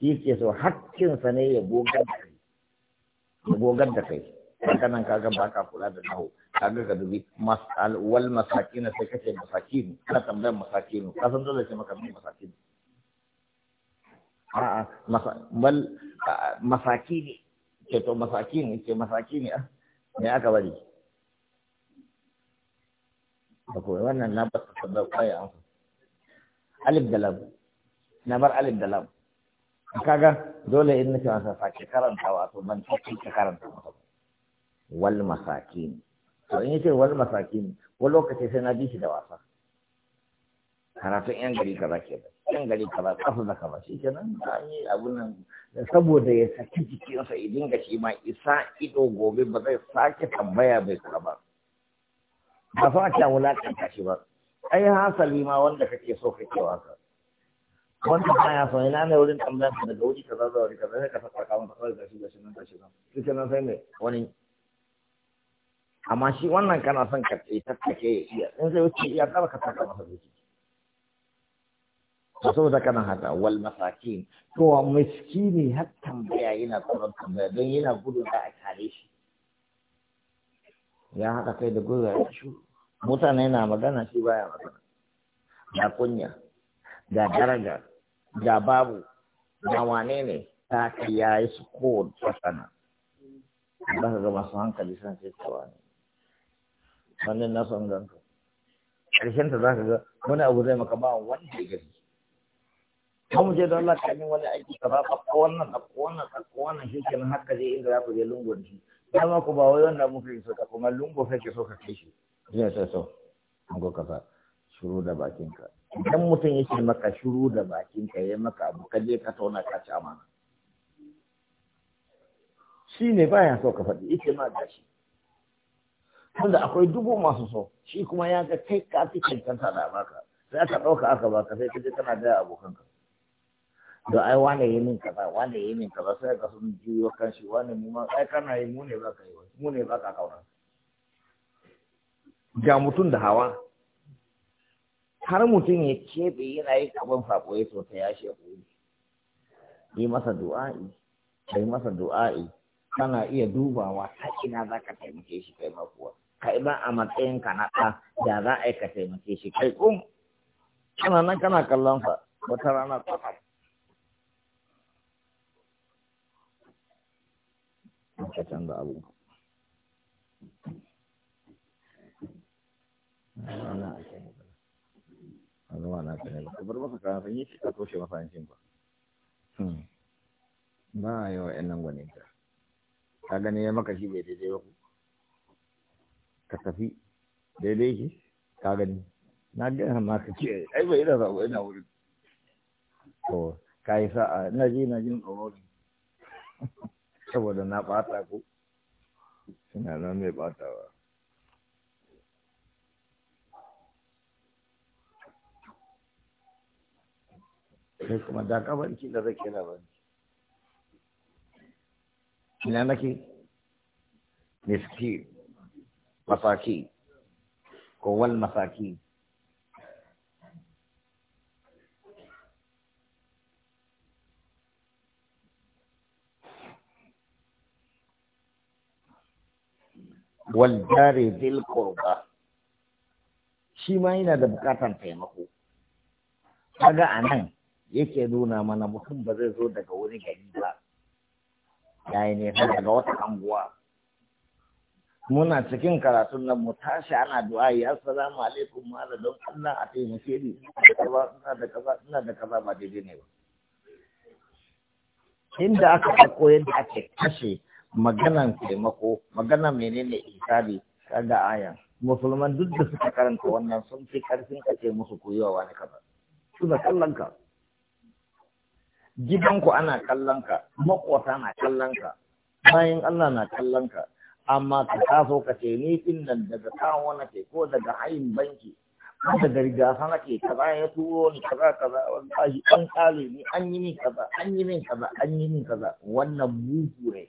shi ke so hakkinsa ne ya gogar da kai ya gogar da kai haka nan kaga ba ka kula da nahu kaga ka dubi wal Masakina sai kace masakin ka tambayar masakin ka san dole sai maka bi masakin a'a wal masakini ce to masakini ce masaki ne ah me aka bari da wannan na ba su da kwaye an su alif da lam na bar alif da lam kaga dole in nake wasa sake karanta wato ban sake ka karanta masa wal masakin to in yace wal masakin wani lokaci sai na bi shi da wasa karatun yan gari kaza ke da yan gari kaza kafa da kaza shi ke nan, an yi abun nan saboda ya saki jikinsa ya dinga shi ma isa ido gobe ba zai sake tambaya bai kula ba ba fa ta wulakanta shi ba ai hasali ma wanda kake so kake wasa wanda ya so ina ne wurin tambayar ka daga wuri kaza zuwa wuri kaza sai ka saka kawo ka da shi da shi nan da shi nan shi nan sai ne wani amma shi wannan kana son ka ce tattake ya iya in sai wuce iya tsara ka saka masa zuci to saboda kana hada wal masakin to miskini har tambaya yana tsoron tambaya don yana gudu da a kare shi ya haɗa kai da gudu da shi mutane na magana shi baya magana ga kunya ga daraja ga babu ga wane ne ta kai ya yi su ko fasana ba ka ga masu hankali san sai ta wani wannan na son ganka ƙarshen ta za ka ga wani abu zai maka ba wani da gari ka mu je don Allah ka wani aiki ka ba ka wannan ka wannan ka wannan shi kenan haka zai inda za ku je lungun shi dama ku ba wai wannan mu fi so ka kuma lungu kake so ka kai shi zai sai so an kafa shuru da bakinka idan mutum yake maka shuru da bakinka ya maka abu ka je ka tauna ka ci amana shi ne baya so ka faɗi yake ma gashi wanda akwai dubu masu so shi kuma ya ga kai ka fi cancanta da baka sai aka ɗauka aka baka sai ka je kana da abokanka da ai wane yi min kaza wane yi min kaza sai ka sun jiyo kan shi wane mu ma ai kana yi mu ne baka yi mu ne baka kauna ga mutum da hawa har mutum ya keɓe yana yi abin faɓoye sosai ya shekoyi yi masa du'a'i kai masa du'a'i kana iya dubawa ta ina za ka taimake shi kai makuwa kai ba a matsayin ka na ɗa da za a yi ka taimake shi kai kum kana nan kana kallon fa wata rana kwatsam ka abu ba eh, ku bar masa kayan sanyi shi ka toshe masa hancin hmm. ba ba yawa yan nan gwanin ka gani ya maka shi bai daidai ba ku ka tafi daidai shi ka gani na gina ma ka ce ai bai da sabo ina wurin to ka yi sa'a Na ji na jin tsoro saboda na ɓata ko. suna nan mai ɓatawa sai eh, kuma da ki da zake rabanci ina nake miski masaki ko wal masaki wal jari zil qurba shi ma yana da bukatan taimako kaga anan yake nuna mana mutum ba zai zo daga wani gari ba ya yi nesa daga wata anguwa muna cikin karatun nan mu tashi ana du'a ya assalamu alaikum malam don Allah a taimake ni ina da kaza ina da kaza ba daidai ne ba inda aka ɗauko yadda ake kashe maganan taimako maganan menene isari kaga aya musulman duk da suka karanta wannan sun fi karfin kace musu koyowa wani kaza suna kallon ka gidanku ana kallon ka makwata na kallon ka bayan Allah na kallon ka amma ka taso ka ce ni din nan daga kawo ke ko daga hayin banki ko daga rigasa ke kaza ya turo ni kaza kaza tashi an kale ni an yi min kaza an yi min kaza an yi min kaza wannan bugu ne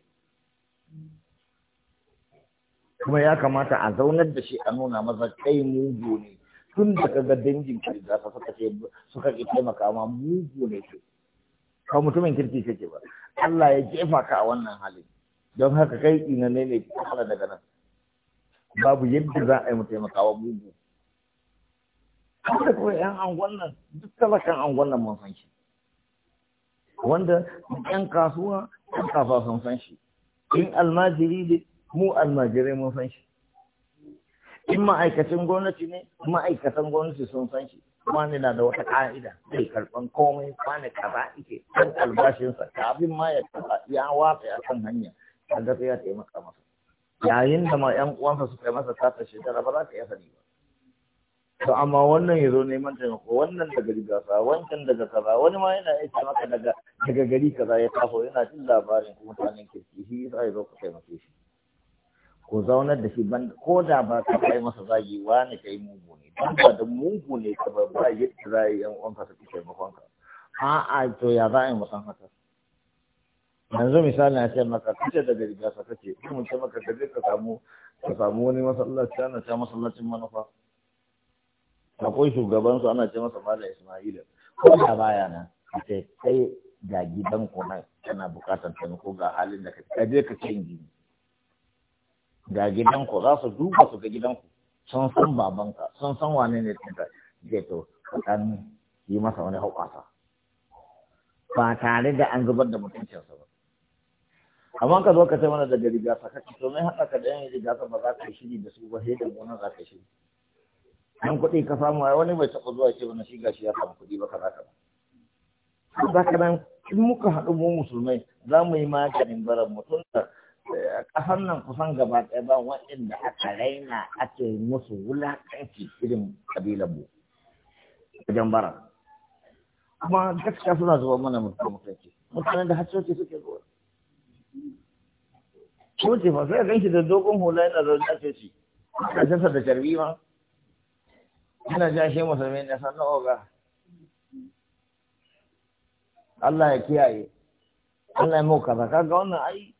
kuma ya kamata a zaunar da shi a nuna masa kai mugu ne tun da ga dangin ka rigasa suka ce suka ke taimaka ma mugu ne to kawai mutumin kirki kake ba Allah ya jefa ka a wannan halin don haka kai ina ne ne kuma daga nan babu yadda za a yi mu taimakawa bugu haka kawai yan angon nan duk talakan angon nan mun san shi wanda yan kasuwa yan kafa sun san shi in almajiri ne mu almajirai mun san shi in ma'aikacin gwamnati ne ma'aikatan gwamnati sun san shi wani na da wata ka'ida zai karɓan komai wani kaza ike kan albashinsa kafin ma ya taɓa ya wafe a kan hanya a sai ya taimaka masa yayin da ma ƴan uwansa suka kai masa tata shekara ba za ka iya sani ba to amma wannan ya zo neman taimako wannan daga rigasa wancan daga kaza wani ma yana aiki maka daga gari kaza ya taho yana jin labarin kuma mutanen kirki shi za ya zo ka taimake shi ko zaunar da shi ban ko da ba ka kai masa zagi wa ka kai mugu ne Ba ba da mugu ne ka ba ba yi za yi yan uwanka su kike makonka a'a to ya za a yi musan haka yanzu misali na ce maka kace daga riga sa kace ko mun ce maka kaje ka samu ka samu wani masallaci ana ta masallacin manufa akwai shugaban su ana ce masa malam Isma'ila ko da baya nan sai kai ga gidan ku na kana bukatar taimako ga halin da kaje ka canji. gini ga gidanku za su duba su ga gidanku sun san babanka sun san wane ne tsinta zai to kaɗan yi masa wani haukata. ba tare da an zubar da mutuncinsa ba amma ka zo ka sai mana daga riga saka ki to mai haɗa ka da yan riga ba za ka shiri da su ba sai da gona za ka shiri ɗan kuɗi ka samu wani bai taɓa zuwa ce wani shi ya samu kuɗi ba ka za ka ba ka nan in muka haɗu mu musulmai za mu yi maganin bara mutum ƙasar nan kusan gaba ɗaya ba waɗanda aka raina ake musu wulaƙanci irin ƙabilar mu wajen bara kuma gaskiya suna zuwa mana mutum mutunci mutane da haccoci suke zuwa ko ce fa sai ganshi da dogon hula yana da a ana jasa da jarbi ma yana shi musulmi ne sannan oga Allah ya kiyaye Allah ya muka ga wannan ai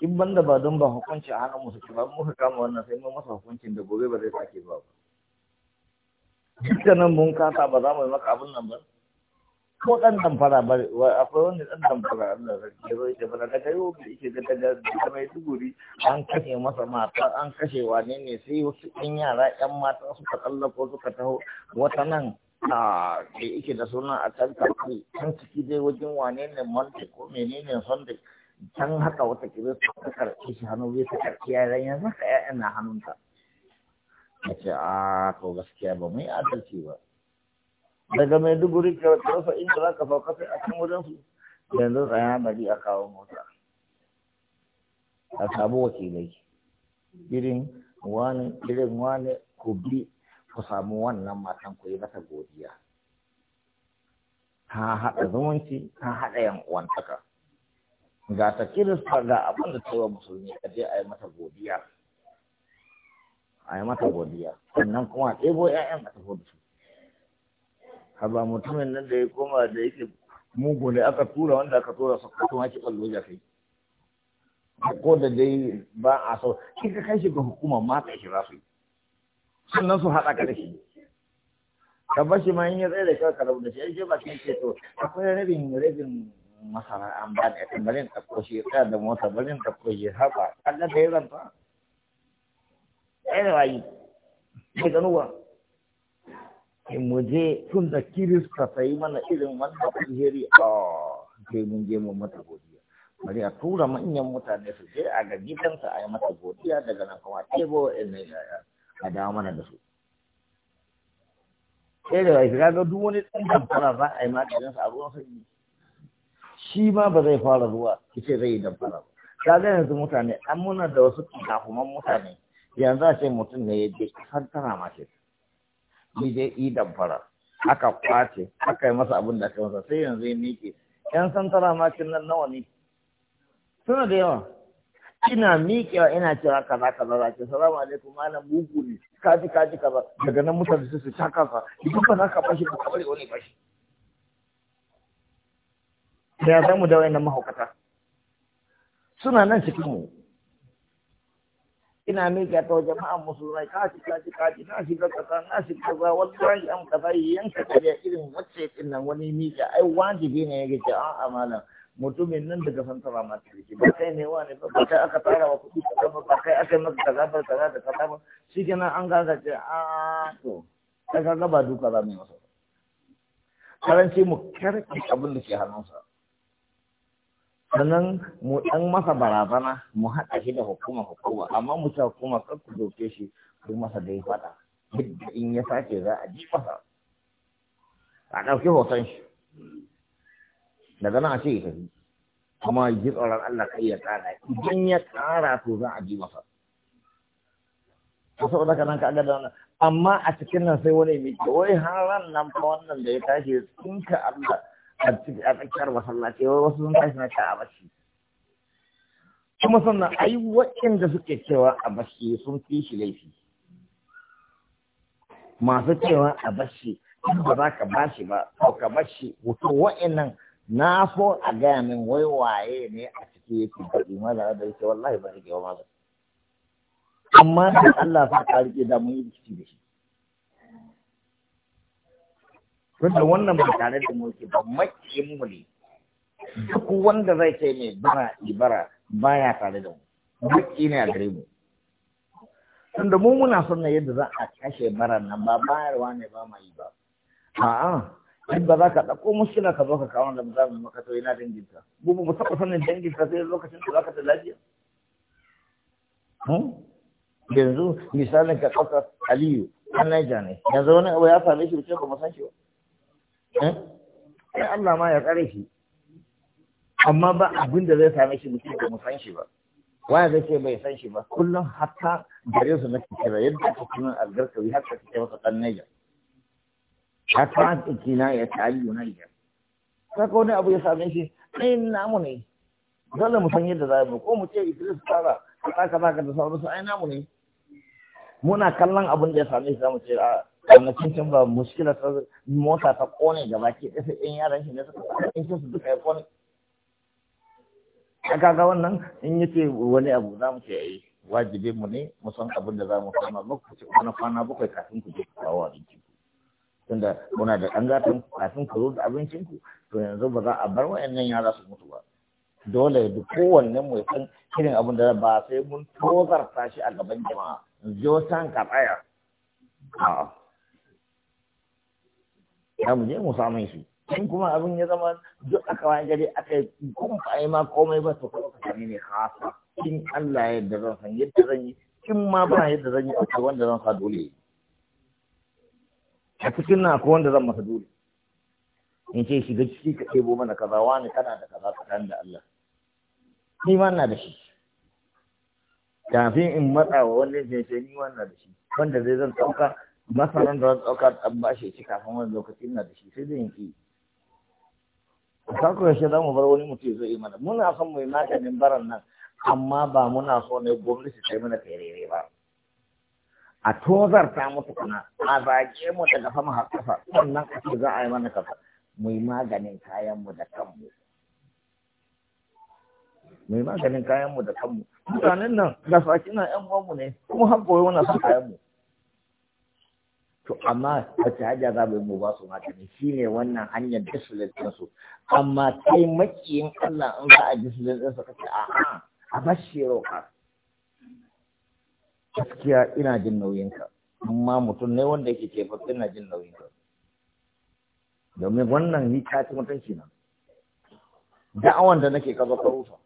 in banda ba don ba hukunci a hannun musu ba muka kama wannan sai mun masa hukuncin da gobe ba zai sake ba dukkanin mun kasa ba za mu yi maka abin nan ba ko dan damfara ba akwai wani dan damfara Allah sarki ya zo ya bana daga yau da yake da daga da mai duguri an kashe masa mata an kashe wane ne sai wasu ɗan yara ƴan mata suka tsallako suka taho wata nan a da yake da suna a can karfi ciki dai wajen wane ne monday ko menene sunday can haka wata kiri ta karɓi shi hannu biyu ta ya yaran yanzu haka ƴaƴan na hannunta na ce a ko gaskiya ba mu yi adalci ba daga mai ka rasa inda za ka fauka sai a can wajen su yanzu tsaya bari a kawo mota a samu wakilai irin wani irin wani ku bi ku samu wannan matan ku yi mata godiya ta haɗa zumunci ta haɗa yan uwantaka ga ta kirista ga abin da ta musulmi a je a yi mata godiya a yi mata godiya sannan kuma a ɗebo 'ya'yan a tafi da su har ba mutumin nan da ya koma da yake mugu ne aka tura wanda aka tura su kuma ake kallo ya kai ko da dai ba a so Ki ka kai shi ga hukumar mata shi rafi su yi sannan su haɗa ka da shi ka bashi ma in ya tsaye da shi ka rabu da shi ya je ba shi ce to akwai rabin rabin masara an ba da ta barin ta koshi ta da mota barin ta koshi haka kaga da yaran ta ai wayi mai ganuwa in mu je tun da kirista ta yi mana irin wannan alheri a sai mun je mu mata godiya bari a tura manyan mutane su je a ga gidansa a yi mata godiya daga nan kuma tebo a dawo mana da su sai da wai ga duk wani ɗan damfara za a yi maganinsa a ruwan sanyi shi ma ba zai fara zuwa ce zai yi damfara ba gane yanzu mutane an muna da wasu kafuman mutane yanzu a ce mutum ne ya je san tana mace ni je yi damfara aka kwace aka yi masa abin da aka masa sai yanzu ya miƙe yan santara makin nan nawa ne suna da yawa ina miƙewa ina cewa kaza kaza za ce salamu alaikum malam bugu ne kaji kaji kaza daga nan mutane su su ta kasa idan ba za ka bashi ba ka bari wani bashi da za mu da wayan mahaukata suna nan cikin mu ina ga ta jama'an musulmai ka ci ka ci ka ci na shiga kasa na shiga kaza wallahi an kaza yanka kariya irin wacce din nan wani miƙa ai wajibi ne ya gaji an amana mutumin nan daga san ma ta rike ba kai ne wani ba kai aka tsara wa kudi ka ba ba kai aka maka kaza ba kaza da kaza ba shi kenan an gaga ce a to kai ka ga ba duka za mu yi masa karanci mu karki abin da ke hannunsa sannan mu ɗan masa barazana mu haɗa shi da hukuma hukuma amma mu ce hukuma kar ku doke shi ku masa da ya faɗa yadda in ya sake za a ji masa a ɗauki hoton shi daga nan a ce ya tafi kuma ji tsoron Allah kai ya ƙara idan ya ƙara to za a ji masa to saboda kana ka ga da amma a cikin nan sai wani mai wai har ran nan fa wannan da ya tashi tsinka Allah a tsakiyar masallaci wasu sun tashi na a bashi kuma sannan ai waɗanda suke cewa a bashi sun fi shi laifi masu cewa a bashi in ba za ka bashi ba to ka bashi wato wa'annan na so a gaya min wai waye ne a ciki yake da mana da yake wallahi ba rike ba amma da Allah fa ka rike da yi rikici da shi tunda wannan ba tare da mulki ba makiyin mu ne duk wanda zai ce mai bara ibara baya tare da mu maki ne a gare mu tunda mu muna son na yadda za a kashe bara nan ba bayarwa ne ba mai ba a'a in ba za ka ɗauko muskila ka zo ka kawo da za mu maka to yana danginta mu ba taɓa sanin danginta sai lokacin da za ka da lafiya hmm? yanzu misalin ka ƙasa aliyu an naija ne yanzu wani abu ya same shi ba ce ba mu san shi ba sai eh? Allah ma ya tsare shi amma ba abin da zai same shi mutum da mu san shi ba waya zai ce bai san shi ba kullum hatta gare su na kira yadda ake kuma algarkawi har ka kike masa ɗan naija hatta na ya tayi naija ko wani abu ya same shi ɗayan namu ne dole mu san yadda za mu ko mu ce Idris Tara ta ka da sauransu ai namu ne muna kallon abin da ya same shi za mu ce a cin can ba muskila ta mota ta kone gaba ke ɗasa ɗin yaran shi na suka in sun su duka ya kone a kaga wannan in ce wani abu za mu ce yi wajibi mu ne mu san abin da za mu kama muku ce wani kwana bakwai kafin ku je ku kawo abincin ku tunda muna da ɗan gatan kafin ku zo da abincin ku to yanzu ba za a bar wayannan yara su mutu ba dole da kowanne mu san irin abin da ba sai mun tozarta shi a gaban jama'a zo san ka tsaya -huh. za mu je mu samu shi in kuma abin ya zama duk aka wani gari aka yi kuma ba yi ma komai ba to kuma ka ne hasa in Allah ya yarda zan san yadda zan yi in ma ba yadda zan yi akwai wanda zan sa dole yi a cikin na akwai wanda zan masa dole in ce shiga ciki ka ɗebo mana kaza wani kana da kaza tsakanin da Allah ni ma na da shi kafin in matsa wa wani ce ni wannan da shi wanda zai zan ɗauka masaran da ɗauka ɗan bashi shi kafin wani lokaci na da shi sai da yanki kakwa shi za mu bar wani mutum zai yi mana muna son mu yi maganin baran nan amma ba muna so ne gwamnati ta yi mana ferere ba a tozar ta mutu kuna a zage mu daga sama har ƙasa sannan a za a yi mana kasa mu yi maganin kayan mu da kanmu mu yi maganin kayan mu da kanmu mutanen nan da saki na yan uwanmu ne kuma har gobe muna son kayan mu to amma wace hajja za mu mu ba su magani ne wannan hanyar disilin su amma kai makiyin Allah in za a disilin ɗinsu ka ce a'a a bashi roƙa gaskiya ina jin nauyin ka, amma mutum ne wanda yake kefa ina jin nauyin ka. domin wannan ni ta ci mutunci na da'awan da nake ka zo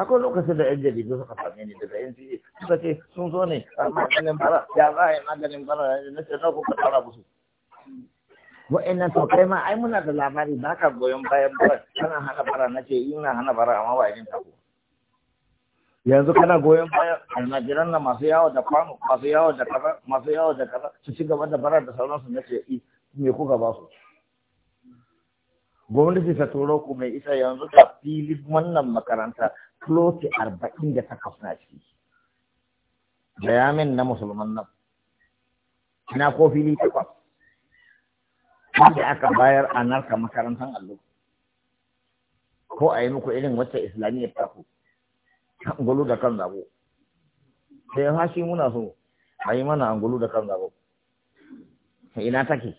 akwai lokacin da yan jaridu suka same ni daga yan fiye suka ce sun zo ne a maganin bara ya za a yi maganin bara yi nace na kuka tsara musu wa'annan to kai ma ai muna da labari ba ka goyon bayan bara kana hana bara na ce ina hana bara amma ba ta tako yanzu kana goyon bayan almajiran na masu yawo da kwano masu yawo da kaza masu yawo da kaza su ci gaba da bara da sauransu na ce me kuka ba su gwamnati ta turo ku mai isa yanzu ta fili wannan makaranta floti arba'in da takwas na ciki bayamin na musulman nan na ko fili takwas wanda aka bayar a narka makarantar allo ko a yi muku irin wacce islamiyya ta ku angulu da kan zabo sai ya fashi muna so a yi mana angulu da kan zabo ina take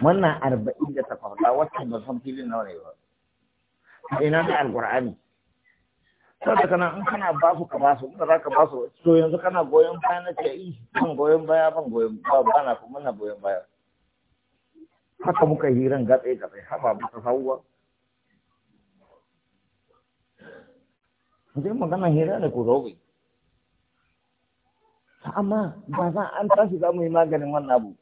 wannan arba'in da takwas ba wacce ba san filin nawa ne ba ina da alkur'ani saboda kana in kana ba su ka ba su in za ka ba su to yanzu kana goyon baya na ce yi ban goyon baya ban goyon ba ba na kuma na goyon baya haka muka hiran gatse gatse haba muka sauwa zai magana hira ne ko zaube. amma ba za an tashi za mu yi maganin wannan abu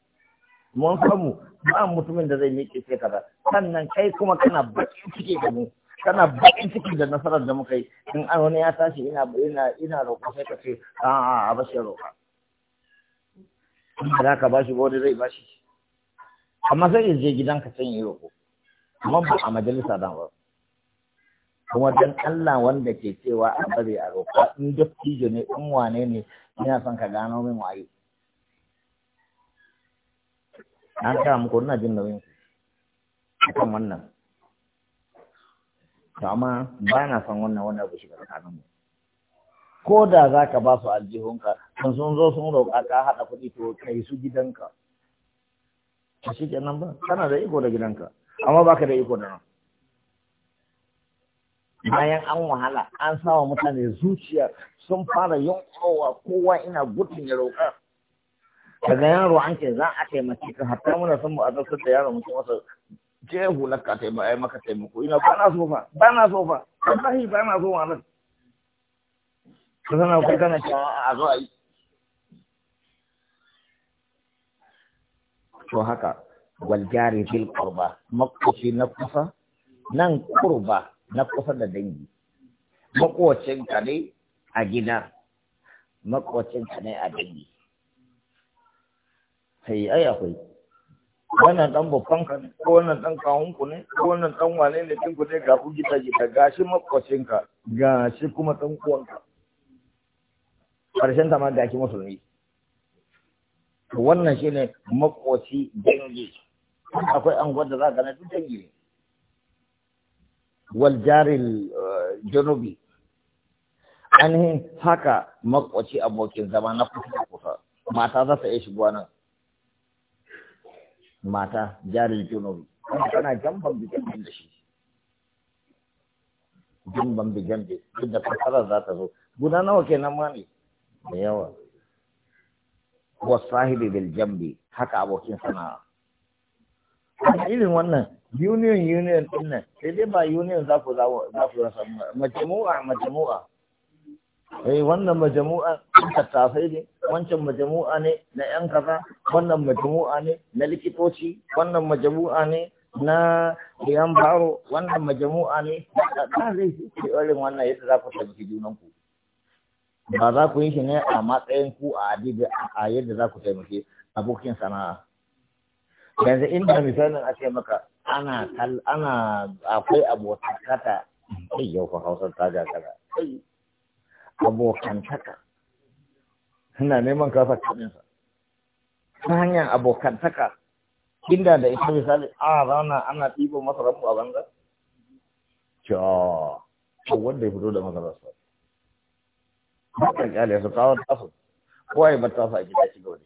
mun samu ba mutumin da zai miƙe sai kaza sannan kai kuma kana baƙin ciki ga mu kana bakin ciki da nasarar da muka yi in an wani ya tashi ina ina ina roƙo sai ka ce a a a shi roƙa da ka bashi wani zai bashi amma sai je gidan ka sanya roƙo amma ba a majalisa dan ba kuma dan Allah wanda ke cewa a bari a roƙa in dattijo ne in wane ne ina son ka gano min waye an kama muku ina jin nauyin ku akan wannan to amma ba na son wannan wanda ba shi tsakanin mu ko da za ka ba su aljihunka sun sun zo sun roƙa ka haɗa kuɗi to kai su gidanka a shi kenan ba kana da iko da gidanka amma ba ka da iko da nan bayan an wahala an sa wa mutane zuciya sun fara yunkowa kowa ina gudun ya roƙa daga yaro an ke za a taimake ka hatta muna san mu a da yaro mutum wasu jehu na ta ma ai maka taimako ina ba na so fa ba na so fa wallahi ba na so wannan kana kai kana ta a zo ai to haka wal jari bil qurba makoci na kusa nan qurba na kusa da dangi makocin ka ne a gida makocin ka ne a dangi sai ai akwai wannan dan babban ka ne ko wannan dan kawun ku ne ko wannan dan wane ne kin ku ne ga ku gita gita gashi makwacin ka gashi kuma dan uwan ka karshen ta ma gashi musulmi wannan shine makwaci dangi akwai an da za ka na duk dangi ne wal jaril eh, janubi ainihin haka makwaci abokin zama na kusa kusa mata za ta iya shigo nan mata jarin junubi wanda kana jamban bijan da shi jamban bijan da duk da fasarar za ta zo guda nawa nan ma ne da yawa wa sahibi bil jambi haka abokin sana'a a irin wannan union union din nan sai dai ba union za ku za ku rasa majmu'a majmu'a eh wannan majamu'a tattafai ne wancan majamu'a ne na yan kaza wannan majamu'a ne na likitoci wannan majamu'a ne na yan baro wannan majamu'a ne ta zai irin wannan yadda za ku taimaki junanku ba za ku yi shi ne a matsayin ku a adibi a yadda za ku taimaki abokin sana'a yanzu inda misalin a ce maka ana ana akwai abota kata ai yau hausar ta ga kaza abokantaka ina neman kasa kaɗinsa ta hanyar abokantaka inda da ita misali a rana ana ɗiban masarar mu a banza cewa wanda ya fito da masarar sa ba ka kyale su kawo tasu kowa ya bata a gida ci gaba da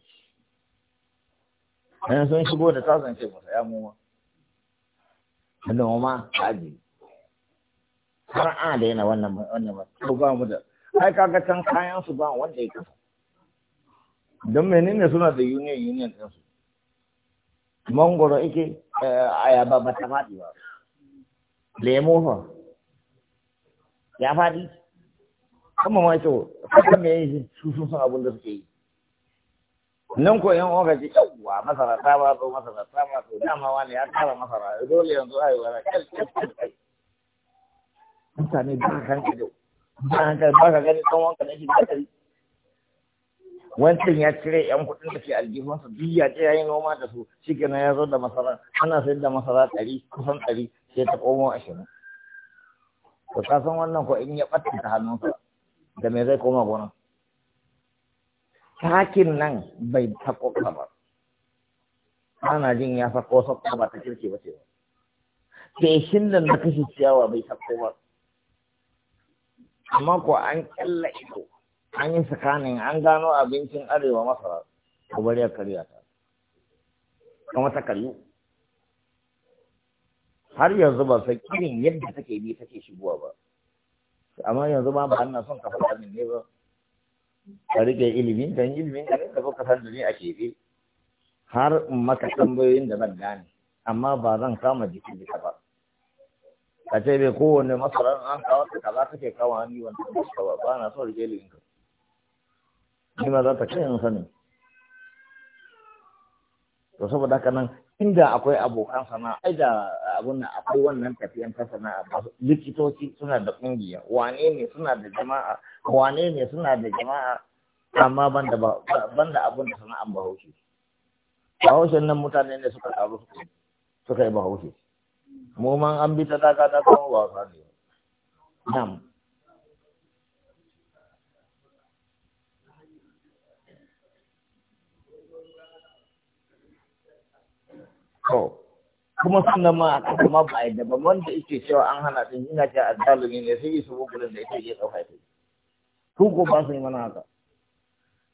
shi yan sun shigo da tasan ce masa ya muma da noma ta ajiye har an yana wannan wannan ba ba mu da ai kaga can kayan su ba wanda ya kasa don menene suna da union union din su mangoro yake eh, ayaba ba ta faɗi ba lemo fa ya faɗi kuma ma ita kuma me yi su san abin da suke yi nan ko yan uwa ji yawwa masara ta ba zo masara ta ba zo dama wani ya tara masara dole yanzu ayi kai, mutane ba kan ki da ba ka gani kan wanka na shi ba ta wancan ya cire yan kuɗin da ke aljihunsa duk ya ce ya yi noma da su shi gina ya zo da masara ana sayar da masara ɗari kusan ɗari sai ta komo ashirin to ka san wannan ko in ya ɓata ta hannunsa da me zai koma gona takin nan bai sako ba ana jin ya sako sakko ba ta kirki ba ce ba feshin nan na kashe ciyawa bai sako ba amma ko an kalla ido an yi tsakanin an gano abincin arewa masara ko bari karya ta kuma ta kallu har yanzu ba sai irin yadda take bi take shigowa ba amma yanzu ma ba son ka faɗa min ne ba ka rike ilimin dan ilimin ka ne ka san da ni a keɓe har in maka tambayoyin da zan gane amma ba zan kama jikin ka ba ka ce bai kowane masarar an kawo ta kaza kake kawo hannu wanda ta ba ba na so rike linka ni ma za ta ce in sanin to saboda haka nan inda akwai abokan sana'a ai da abun nan akwai wannan tafiyan ta sana'a likitoci suna da kungiya wane ne suna da jama'a wane ne suna da jama'a amma banda ba banda abun da sana'an bahaushe bahaushen nan mutane ne suka karu suka yi bahaushe mu mang an ta daga ta wa wasa nam ko kuma sannan ma a kasa da ba a da yake cewa an hana din ina ce a dalumi ne sai su bukulin da yake ya ɗauka ta ku ko ba sai mana haka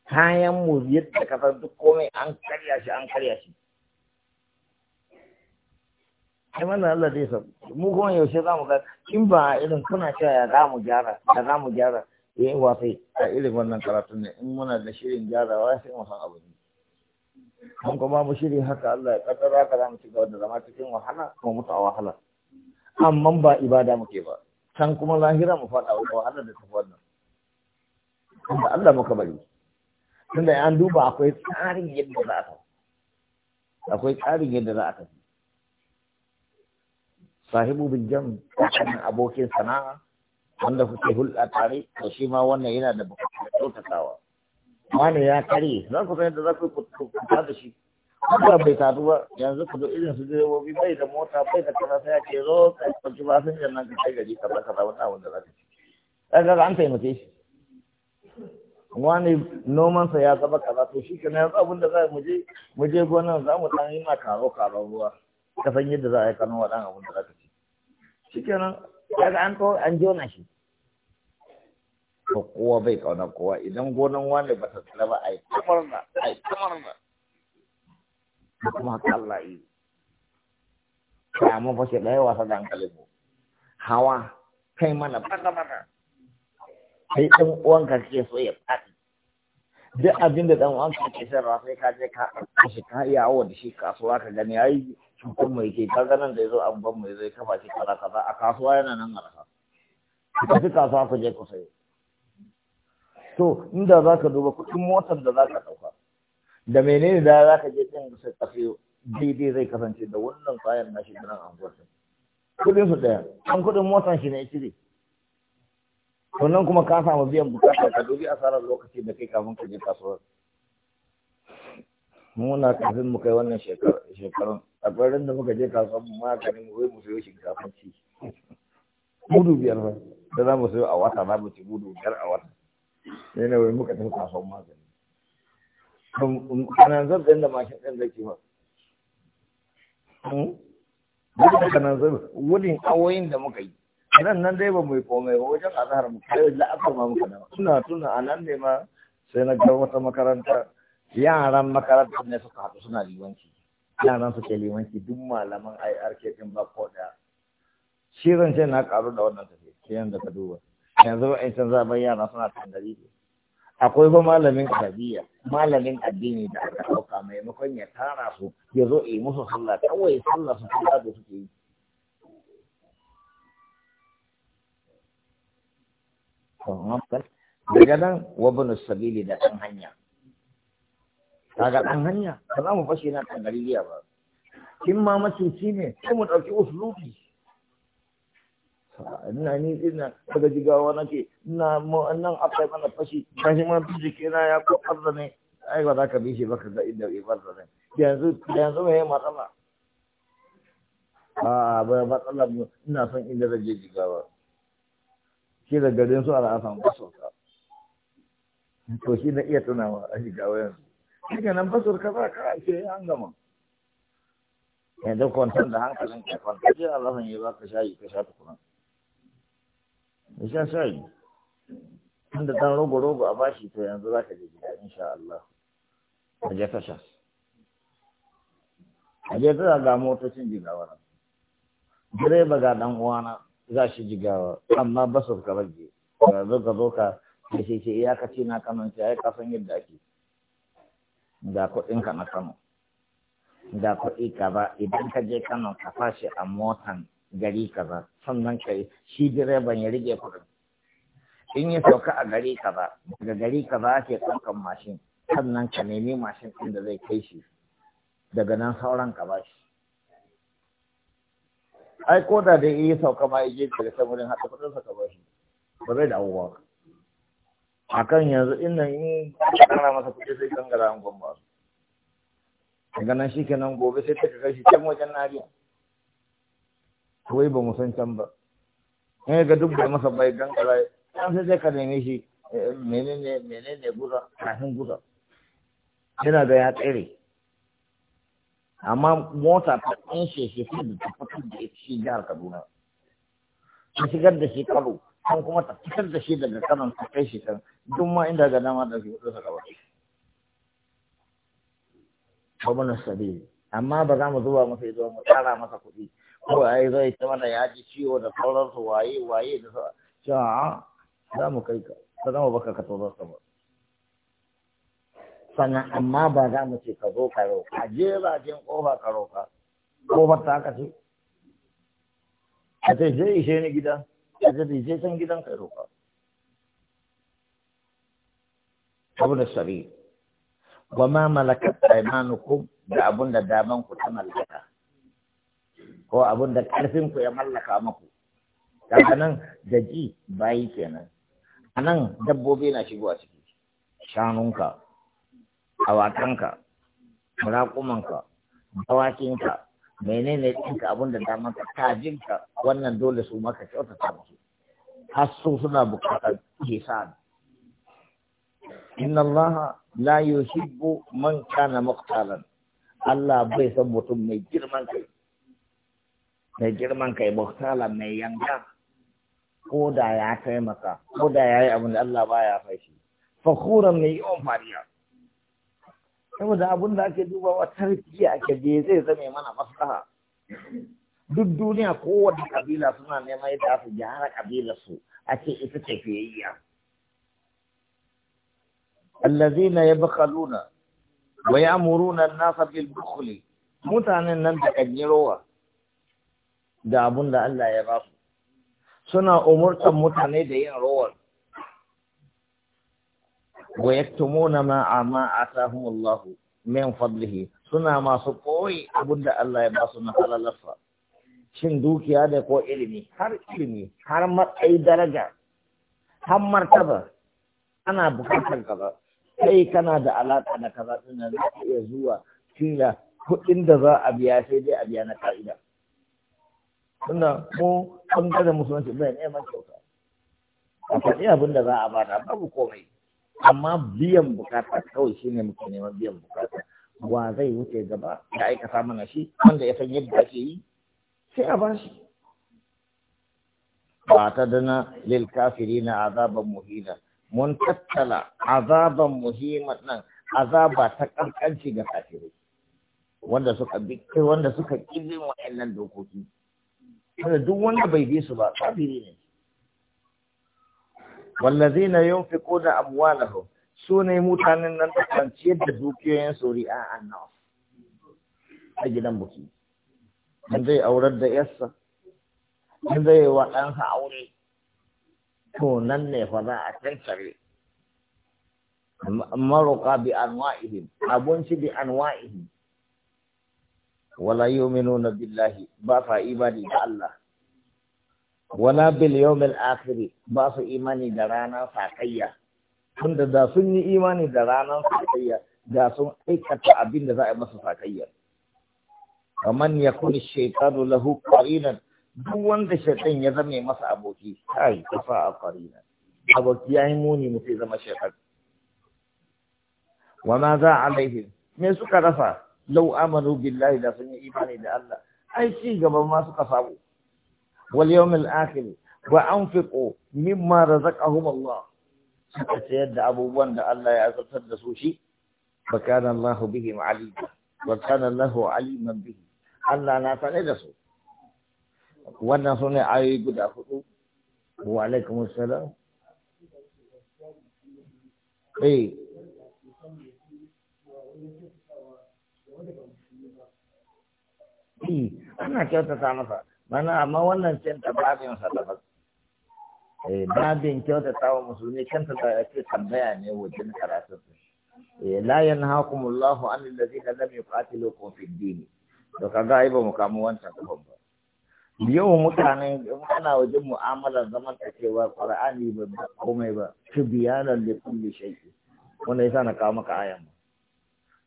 kayan mu yadda kasar duk komai an karya shi an karya shi ai wannan Allah zai san mu kuma yaushe za mu ga in ba irin kuna cewa ya za mu gyara ya za mu gyara ya yi wasai a irin wannan karatun ne in muna da shirin gyara wa sai mu san abu ne an kuma mu shiri haka Allah ya kaddara ka za mu ci gaba da zama cikin wahala mu mutu a wahala amma ba ibada muke ba can kuma lahira mu faɗa wa wahala da tafi wannan da Allah muka bari tunda an duba akwai tsarin yadda za a tafi akwai tsarin yadda za a tafi sahibu bil jam abokin sana'a wanda kuke hulɗa tare to shi ma wannan yana da bukatar kyautatawa wani ya kare za ku san yadda za ku kuta da shi kuma bai tatu ba yanzu ku zo irin su direbobi bai da mota bai da kaza sai ya ce zo ka ɗauki yi nan ka kai gari kaza kaza wani abin da za ka ci gaza an taimake shi wani nomansa ya zama kaza to shi kenan yanzu abin da za mu je mu je gonan za mu ɗan yi ma karo karo ruwa ka san yadda za a yi kano wa ɗan abin da za ka ci shi kenan daga an kawo an jona shi to kowa bai kauna kowa idan gonan wani ba ta tsira ba a yi kamar na a yi kamar da kuma haka Allah yi fa fashe ɗaya wasa da hankali mu hawa kai mana baka mana kai ɗan uwanka ke so ya faɗi duk abin da ɗan uwanka ke sarrafa sai ka je ka ɗauko shi ka yawo da shi kasuwa ka gani yi cutar mai ke Ka ganin da ya zo an ban mai zai kafa shi kaza kaza a kasuwa yana nan rasa ku tafi kasuwa ku je ku sayo to inda za ka duba kuɗin motar da za ka ɗauka da menene da za ka je kan sai ka daidai zai kasance da wannan kayan nashi da nan anguwar kuɗin su ɗaya an kuɗin motar shi ne ya cire sannan kuma ka samu biyan bukata ka dubi asarar lokaci da kai kafin ka je kasuwar muna kafin mu kai wannan shekarun A ƙwararren da muka je kasuwa mu ma ka nemi wai mu sayo shinkafa ci gudu biyar ba da za mu sayo a wata za mu ci gudu biyar a wata sai na wai muka tafi kasuwa Ka kanan zan ɗin da mashin ɗin da ke ba hmm? duk da kanan zan wurin awoyin da muka yi nan nan dai ba mu yi komai ba wajen azahar mu kai la'akar ma muka da Tuna tuna a nan ne ma sai na ga wata makaranta yaran makarantar ne suka haɗu suna liwanci yaran suke liwanci duk malaman IRK din ba ko da shi zance na karu da wannan tafi ke yanzu ka duba yanzu ba can zaben yara suna tangari akwai ba malamin kabiya malamin addini da aka ɗauka maimakon ya tara su ya zo yi musu sallah kawai sallah su ta da suke yi daga nan wabin sabili da ɗan hanya kaga dan hanya ba za mu fashe na tangariya ba Kin ma macuci ne sai mu ɗauki usulubi ina ni ina daga jigawa ke, ina nan akwai mana fashi fashi ma bijike na ya ko arza ne ai ba za ka bi shi ba ka ga inda ya farza ne yanzu yanzu me matsala a ba matsala ina son inda zan je jigawa ke da garin su asan ba sauka to shi na iya tunawa a jigawa yanzu haka nan basur ka za ka ce an gama yanzu kwantar da hankalin ka kwanta ce a lafin yi baka shayi ka sha tukuna ya sha shayi tunda dan rogo rogo a bashi to yanzu za ka je gida insha Allah ka je ka sha a je tana ga motocin jigawa nan direba ga dan uwana za shi jigawa amma basur ka rage ka zo ka zo ka ce ce iyakaci na ai ka kasan yadda ake da kuɗin ka na Kano da kuɗi ba idan ka je Kano ka fashi a motan gari ba sannan kai shi direban ya rige kuɗin in ya sauka a gari ba daga gari ba ake ɗaukan mashin sannan ka nemi mashin ɗin da zai kai shi daga nan sauran ka ba shi ai ko da dai yi sauka ma ya je daga samurin haɗa kuɗin sa ka ba shi ba zai dawo ba akan yanzu inda in kara masa kuɗi sai kan gara an gwamba daga nan shi kenan gobe sai ta kakashi can wajen nariya kawai ba mu san can ba in ga duk da masa bai gangara can sai sai ka neme shi eh, menene menene gusa kafin gusa yana da ya tsere amma mota ta ɗan shi shi da ta fitar da shi jihar kaduna ta shigar da shi karo kan kuma ta fitar da shi daga kanan ta kai shi kan duk ma inda ga dama da hudu da gaba gwamnan sabi, amma ba za mu zuba masa ido mu tsara masa kuɗi ko ai zai ta mana ya ji ciwo da sauransu waye waye da sa cewa za mu kai ka ta zama baka ka tozo sa ba sannan amma ba za mu ce ka zo ka roƙa je ba jin ƙofa ka roƙa ƙofar ta ka ce a ce je ishe ni gida a jadi san gidan ka roƙa Abun da sari wa malakat da abun da daman ku ta mallaka ko abun da karfin ku ya mallaka maku kaga nan da ji bayi kenan anan dabbobi na shigo a ciki shanunka awakanka raƙumanka dawakinka menene ɗinka abin da dama ka tajinka wannan dole su maka kyautata musu har su suna bukatar hisabi inna allaha la yuhibbu man kana muqtalan Allah bai san mutum mai girman kai mai girman kai muqtalan mai yanka ko da ya taimaka ko da ya yi abin da Allah baya fashi fakhuran mai yawan fariya saboda abin da ake duba dubawa tarbiyya ake je zai zame mana maslaha duk duniya kowace kabila suna neman yadda su gyara kabila su a ce ita ce fiyayya allazina yabkhaluna wa ya'muruna an-nasa bil bukhli mutanen nan da kanyirowa da abun da Allah ya ba su suna umurtan mutane da yin rowar wa yaktumuna ma ama atahum Allah min fadlihi suna masu koyi abinda Allah ya ba su na halalarsa shin dukiya da ko ilimi har ilimi har matsayi daraja har martaba ana bukatar kaza sai kana da alaka da kaza din da iya zuwa tilla kuɗin da za a biya sai dai a biya na ka'ida tunda mu an musulunci bai neman kyauta a faɗi abin da za a bada babu komai amma biyan bukata kawai shine muke neman biyan bukata wa zai wuce gaba da aikata mana shi wanda ya san yadda ake yi sai a ba shi ba ta dana lil na azaban muhina mun tattala azaban muhimman nan azaba ta ƙarƙanci ga kafirai wanda suka bi wanda suka kibin wa'annan dokoki wanda duk wanda bai bi su ba kafiri ne wallazina yunfiquna amwalahum sune mutanen nan da kan ciyar da dukiyoyin su ri'a annas a gidan buki An zai aurar da yarsa An zai wa aure to nan ne fa za a cancare maruka bi anwa'ihim abunci bi anwa'ihim wala yu'minuna billahi ba fa ibadi da Allah Wana bil yawmil akhir ba su imani da ranar sakayya tunda da sun yi imani da ranar sakayya da sun aikata abin da za a yi masa sakayya kaman ya kuni shaitanu lahu qarinan duk wanda shaitan ya zame masa aboki kai kafa a qarinan aboki yi muni sai zama shaitan Wana ma za laifi? me suka rasa lau amanu billahi da sun yi imani da Allah ai ci gaban ma suka samu واليوم الآخر وأنفقوا مما رزقهم الله سيد أبو بند الله يأسسر دسوشي فكان الله بهم عليما وكان الله عليما به الله لا تنسوا wannan su ne وعليكم السلام اي wa alaikum salam mana amma wannan canta babin sa da eh babin kyauta tawa musulmi canta da ake tambaya ne wajen karatun eh la yanhaakumullahu an alladhina lam yuqatilukum fid din to kaga ai ba mu kamo wancan kafan ba yau mutane ana wajen mu'amalar zaman ta cewa qur'ani ba komai ba tibyanan li kulli shay'in wanda yasa na kawo maka ayan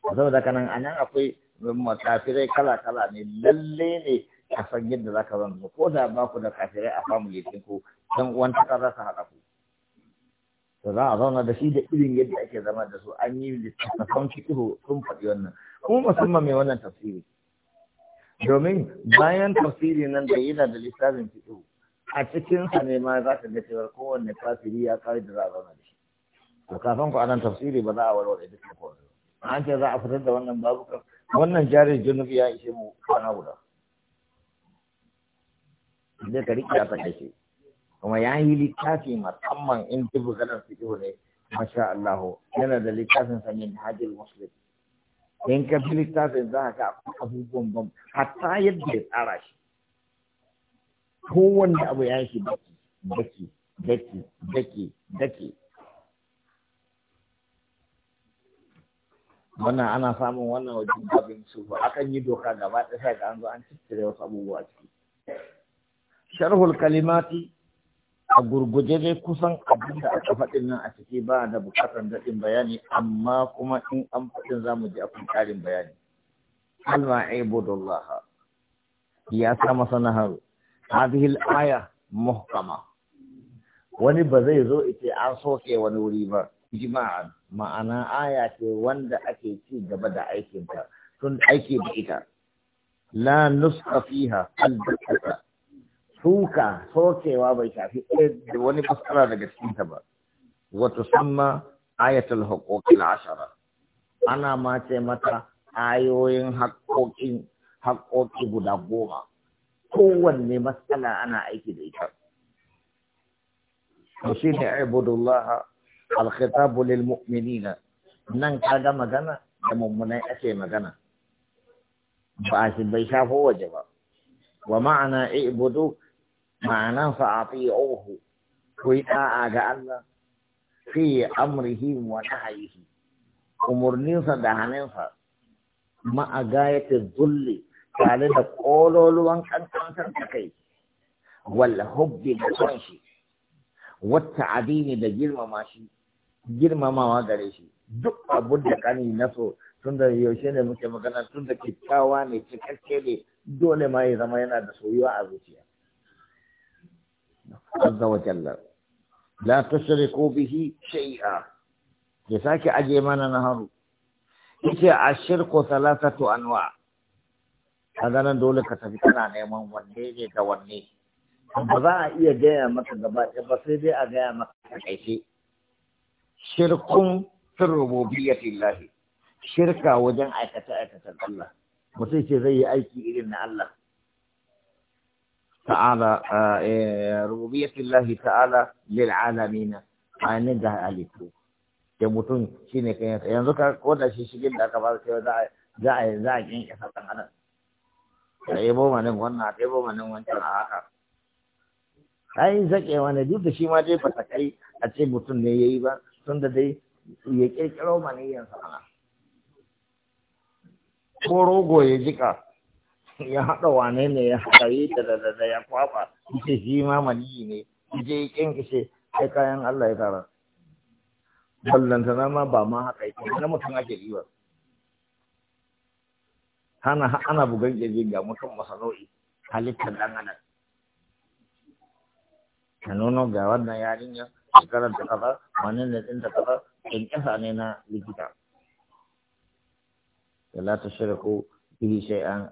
ba saboda kanan anan akwai mutafirai kala kala ne lalle ne a san yadda za ka zanzu ko da ba ku da kafirai a family ɗin ku dan uwan ta za su haɗa ku to za a zauna da shi da irin yadda ake zama da su an yi littattafan fikihu sun faɗi wannan kuma musamman mai wannan tafsiri domin bayan tafsiri nan da yana da littafin fikihu a cikin sa ne ma za ka ga cewa kowanne tafsiri ya kawai da za a zauna da shi to kafin ku anan tafsiri ba za a warware dukkan kowanne an ce za a fitar da wannan babu wannan jarin junubi ya ishe mu kwana guda sai ka riƙe a kashe kuma ya yi littafi musamman in ji bukatar fiƙo ne masha Allah yana da littafin sa min hajjil muslim in ka fi littafin za ka abubuwan ban hatta yadda ya tsara shi kowanne abu ya shi daki daki daki daki daki wannan ana samun wannan wajen babin su akan yi doka gaba ɗaya ga an zo an cire wasu abubuwa ciki sharhul kalimati a gurguje dai kusan abin da aka faɗin nan a ciki ba da bukatar daɗin bayani amma kuma in an faɗin za mu je a kun ƙarin bayani Allah ibudullah ya sa masa naharu hadhihi al-aya muhkama wani ba zai zo ita an soke wani wuri ba jima'a ma'ana aya ce wanda ake ci gaba da aikin ta tun aiki da ita la nusqa fiha al-dakata suka sokewa bai shafi da wani fasara daga cikinta ba wata samma ayatul haƙoƙin ashara ana ma ce mata ayoyin hakokin hakoki guda goma kowanne matsala ana aiki da ita to shi ne ibudullah alkhitabu lil mu'minina nan kaga magana da mummunai ake magana ba shi bai shafo waje ba wa ma'ana ibudu ma'anan sa ati'uhu ku yi ga Allah fi amrihi wa nahyihi umurninsa da haninsa ma'a yake zulli tare da kololuwan kankan da kai wal hubbi da son shi wata adini da girmama shi girmamawa gare shi duk abun da kani na so tun da yaushe ne muke magana tun da kyakkyawa ne cikakke ne dole ma ya zama yana da soyuwa a zuciya azza wa jalla la tushriku bihi shay'a ya sake aje mana na haru yace ashirku thalathatu anwa kaga nan dole ka tafi kana neman wanne ne da wanne ba za a iya gaya maka gaba ɗaya ba sai dai a gaya maka takaice shirkun fi shirka wajen aikata aikatan Allah mutum ce zai yi aiki irin na Allah تعالى ربوبية الله تعالى للعالمين أنا ده عليكم ya mutum shi ne kan yasa yanzu ka koda shi shigin da aka ba cewa za a za a za a yanke sakan adam a yabo manin wannan a yabo manin wancan a haka ai zake wani duk da shi ma dai fata kai a ce mutum ne ya yi ba tun da dai ya kirkiro maniyan sa ko rogo ya jika ya haɗa wane ne ya haɗa yi da da da ya kwaba ce shi ma maniyi ne je kinkishe kayan Allah ya tara na ma ba ma haka yake na mutum ake yi hana ana bugan kirji ga mutum masarau'i halittar ɗan adam ta nuno ga wannan yarinya shekarar da kaza wani ne ɗin da kaza ƙasa ne na likita Ya la ta ko فيه شيئا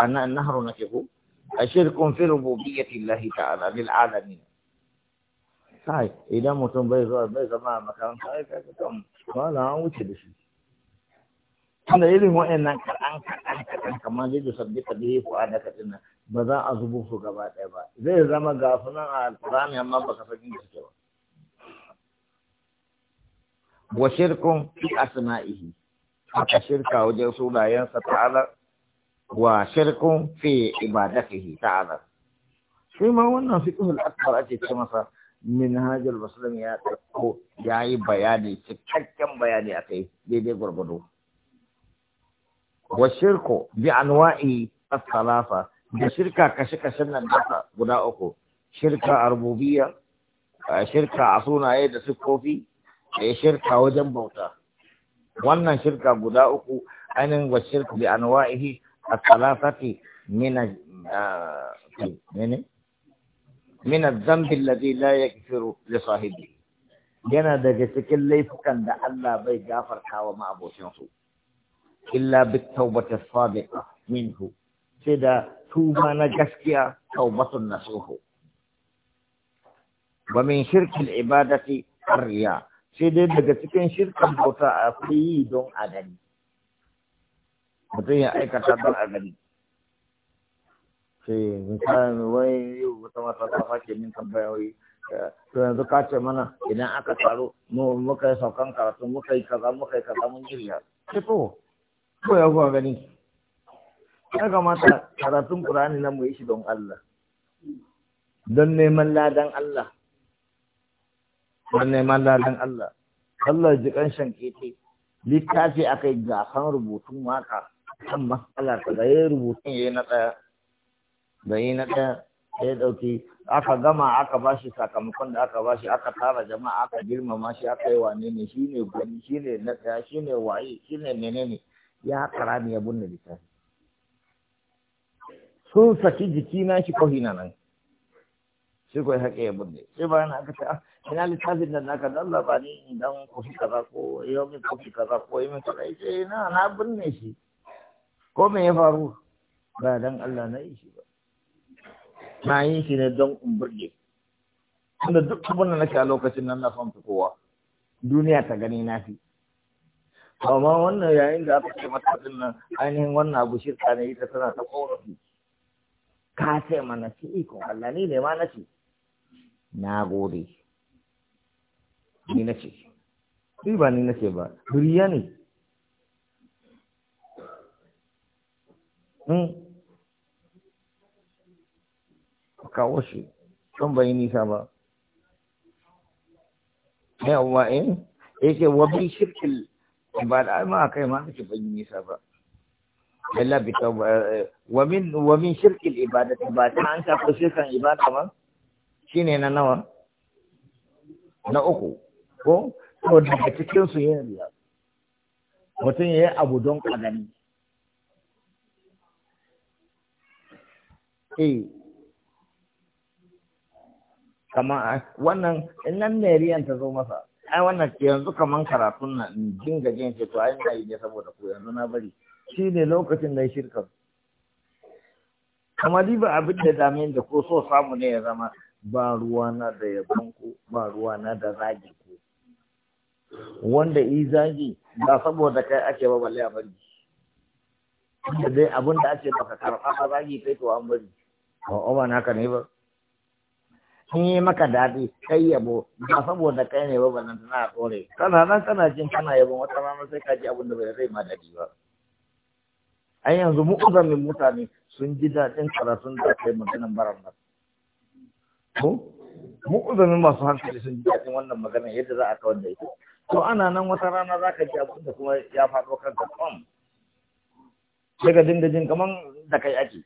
أنا النهر نكه أشرك في ربوبية الله تعالى للعالمين sai idan mutum bai zuwa bai zama a makaranta ai kaga kan wala an wuce da shi tunda irin wa'annan kaɗan kaɗan kaɗan kamar zai sabbi ka bihi ko a daga dinnan ba za a zubo su gaba ɗaya ba zai zama ga sunan a alƙur'ani amma ba ka san da suke ba wa shirkun fi asma'ihi aka shirka wajen sunayensa ta'ala wa shirkun fi ibadatihi ta'ala sai ma wannan fiqhul akbar ake ce masa minhajul muslim ya dauko yi bayani cikakken bayani kai daidai gwargwado. wa shirku bi anwa'i as-salafa da shirka kashe kashen nan nasa guda uku shirka rububiya, shirka a sunaye da siffofi da shirka wajen bauta wannan shirka guda uku ainihin wa shirka bi anwa'ihi at-thalathati min ah, mene min adh-dhanbi alladhi la yaghfiru li sahibi yana daga cikin laifukan da Allah bai gafarta wa ma'abocin su illa bit tawbati sadiqa minhu sai da tuba na gaskiya tawbatun nasuhu wa min shirki al-ibadati ar-riya' sai dai daga cikin shirkan bauta a yi don a gani mutum ya aikata don a gani sai misali yi yau wata mata ta fake min tambaya wai eh, to yanzu ka ce mana idan aka taro muka yi saukan karatu muka yi kaza muka yi kaza mun shirya ce to ko ya kuwa gani ya kamata karatun Qur'ani nan mu yi shi don Allah don neman ladan Allah don neman lalin Allah Allah ji kanshin kete littafi akai gasan rubutun waka kan matsalar ta da ya rubutun ya yi na ɗaya, da yi na ɗaya ya ɗauki aka gama aka ba shi sakamakon da aka ba shi aka tara jama'a aka girmama shi aka yi wane ne shi ne gani shi ne na ɗaya shi ne waye shi ne menene ya kara ne ya bunne littafi sun saki jiki na shi kohina nan sai ko ya bude sai bayan aka ce ah, ina littafin da naka dan labari dan kofi kaza ko yau min kofi kaza ko yau min kaza ce na na binne shi ko me ya faru ba dan Allah na yi shi ba na yi shi ne don in burge tunda duk abin da nake a lokacin nan na son kowa duniya ta gani na fi amma wannan yayin da aka ce mata din nan ainihin wannan abu shirka ne ita tana ta korafi ka ce mana ce ikon Allah ni ne ma na ce na gode ni na ce ba ni na ce ba riya ne hmm. kawo shi don bai nisa ba yawwa eh yake wa bi shirkil ba da a kai ma kace bayi nisa ba Allah bi tawba eh, eh, wa min wa min shirkil ibadati ba ta an ta shirkan ibada ba shine na nawa na uku ko to daga cikin su yin riya mutum ya yi abu don kagani E, kama wannan nan ne riyan ta zo masa ai wannan yanzu kaman karatun nan Jin dinga jin ce to ai ina yi ne saboda ku yanzu na bari shi ne lokacin da ya shirka kamar riba abin da damin da ko so samu ne ya zama ba ruwa na da ku, ba ruwa na da zagi ku wanda yi zagi ba saboda kai ake ba balle a bari da dai abin da ake baka karfa ba zagi kai to an bari ba oba naka ne ba sun yi maka daɗi kai yabo ba saboda kai ne ba ballan tana tsore kana nan kana jin kana yabon wata rana sai ka ji abin da bai rai ma daɗi ba ai yanzu mu uzamin mutane sun ji daɗin karatun da kai maganin barar nan ko mu'uzamin masu hankali sun ji daɗin wannan magana yadda za a kawar da ita to ana nan wata rana za ka ji abin da kuma ya faɗo kanka kwam daga dinga jin kaman da kai ake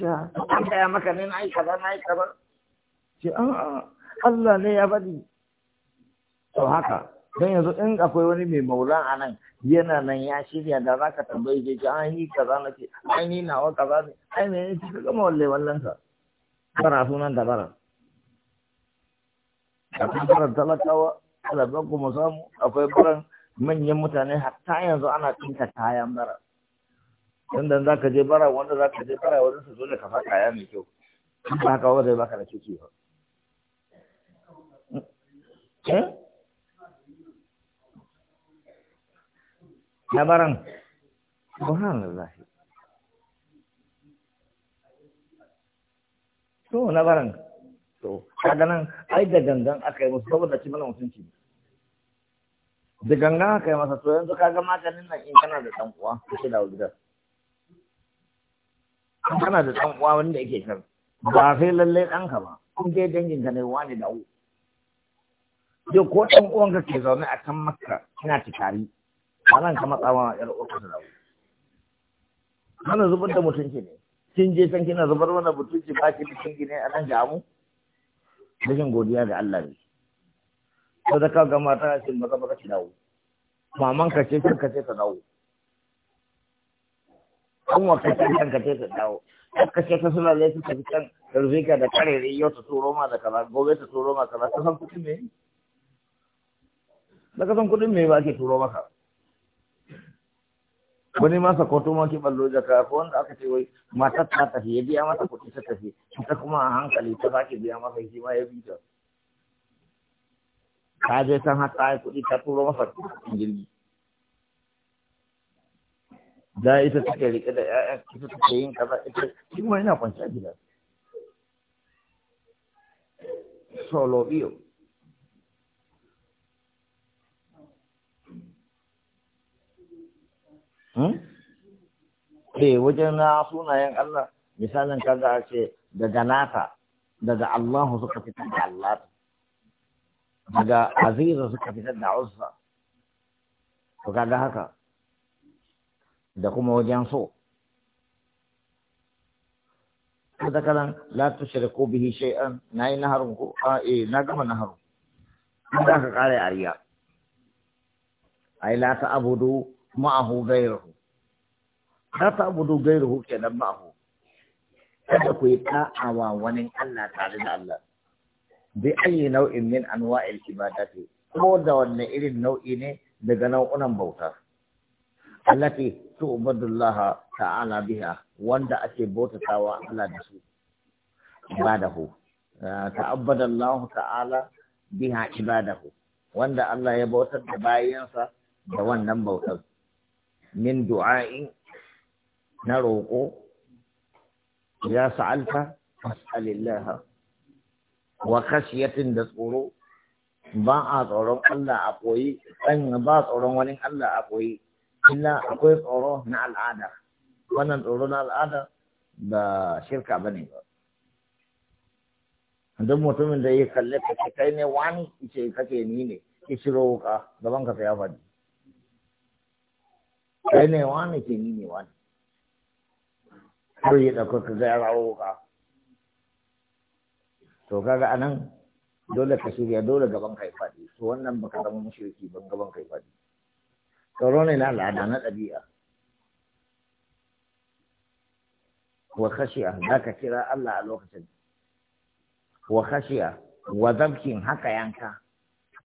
an gaya maka ne na yi kaza na yi kaza ce a'a Allah ne ya bani. to haka don yanzu in akwai wani mai maula a nan yana nan ya shirya da za ka tambayi ce an yi kaza na ce an yi nawa kaza ne ai me ne ka gama walle wallanka bara sunan da a akwai baran talakawa talakon kuma samu akwai baran manyan mutane hatta yanzu ana tinka kayan bara inda za ka je bara wanda za ka je bara wajen su zo da kafa kaya mai kyau ba haka wajen baka da ciki ba na hmm? eh? baran zafi. to na baran to kaga nan ai da gangan akai yi musu saboda ci mana mutunci da gangan aka masa to yanzu kaga maganin nan in kana da dan uwa kuke da gidan in kana da dan uwa wanda yake kan ba sai lalle ka ba kun dai dangin ka ne wani da yo ko ɗan uwan ka ke zaune a kan makka kina tikari a nan ka yar uwa ka da kana zubar da mutunci ne kin je can kina zubar mana butuci ba ki cikin gine a nan jamu rashin godiya ga Allah ne to da ka ga mata ce maza baka ci dawo maman ka ce ka ce ta dawo Kuma wa ka ce ka ce ta dawo ka ce ta suna laifi kan. fitan ka da karere yau ta turo ma da kaza gobe ta turo ma kaza ka san kuɗin me ba ka san kuɗin me ba ke turo maka wani ma sakwato ma ki ballo jaka ko wanda aka ce wai matar ta tafi ya biya mata kuɗi ta tafi ita kuma a hankali ta sake biya masa shi ma ya bi ta ta je san haka ta kuɗi ta turo masa cikin jirgi da ita take rike da ƴaƴan ita take yin kaza ita shi ma yana kwanciya gida solo biyu Hmm? eh wajen na sunayen Allah misalin kaga a ce daga nata daga Allahu suka fitar da Allah daga aziza suka fitar da uzza to kaga haka da kuma wajen so Kada kalan la shirku bihi shay'an nayi naharun ko a eh na gama naharun Kada ka kare ariya ai la ta abudu ma'ahu ta gudu gairu gairuhu nan ma'ahu kada ku yi ta'awa wani Allah tare da Allah bi ayi nau'in min anwa'il ibadati ko da wanne irin nau'i ne daga nau'unan bauta allati tu'badullah ta'ala biha wanda ake bautatawa Allah da su ibadahu ta'abbadallahu ta'ala biha ibadahu wanda Allah ya bautar da bayansa da wannan bautar min du'a'in na roƙo ya sa'alta fas'alillaha wa kashiyatin da tsoro ba a tsoron Allah a koyi ɗan ba tsoron wani Allah a koyi illa akwai tsoro na al'ada wannan tsoro na al'ada ba shirka bane ba duk mutumin da ya kalle ka kai ne wani ce kake ni ne ki shiro wuka gaban ka ya faɗi kai ne wani ke ni ne wani har yi ɗauka ka ga rawo ka to kaga anan dole ka shirya dole gaban kai faɗi to wannan baka zama mushriki ban gaban kai faɗi tsoro ne na al'ada na ɗabi'a wa khashiya za ka kira Allah a lokacin wa khashiya wa zabkin haka yanka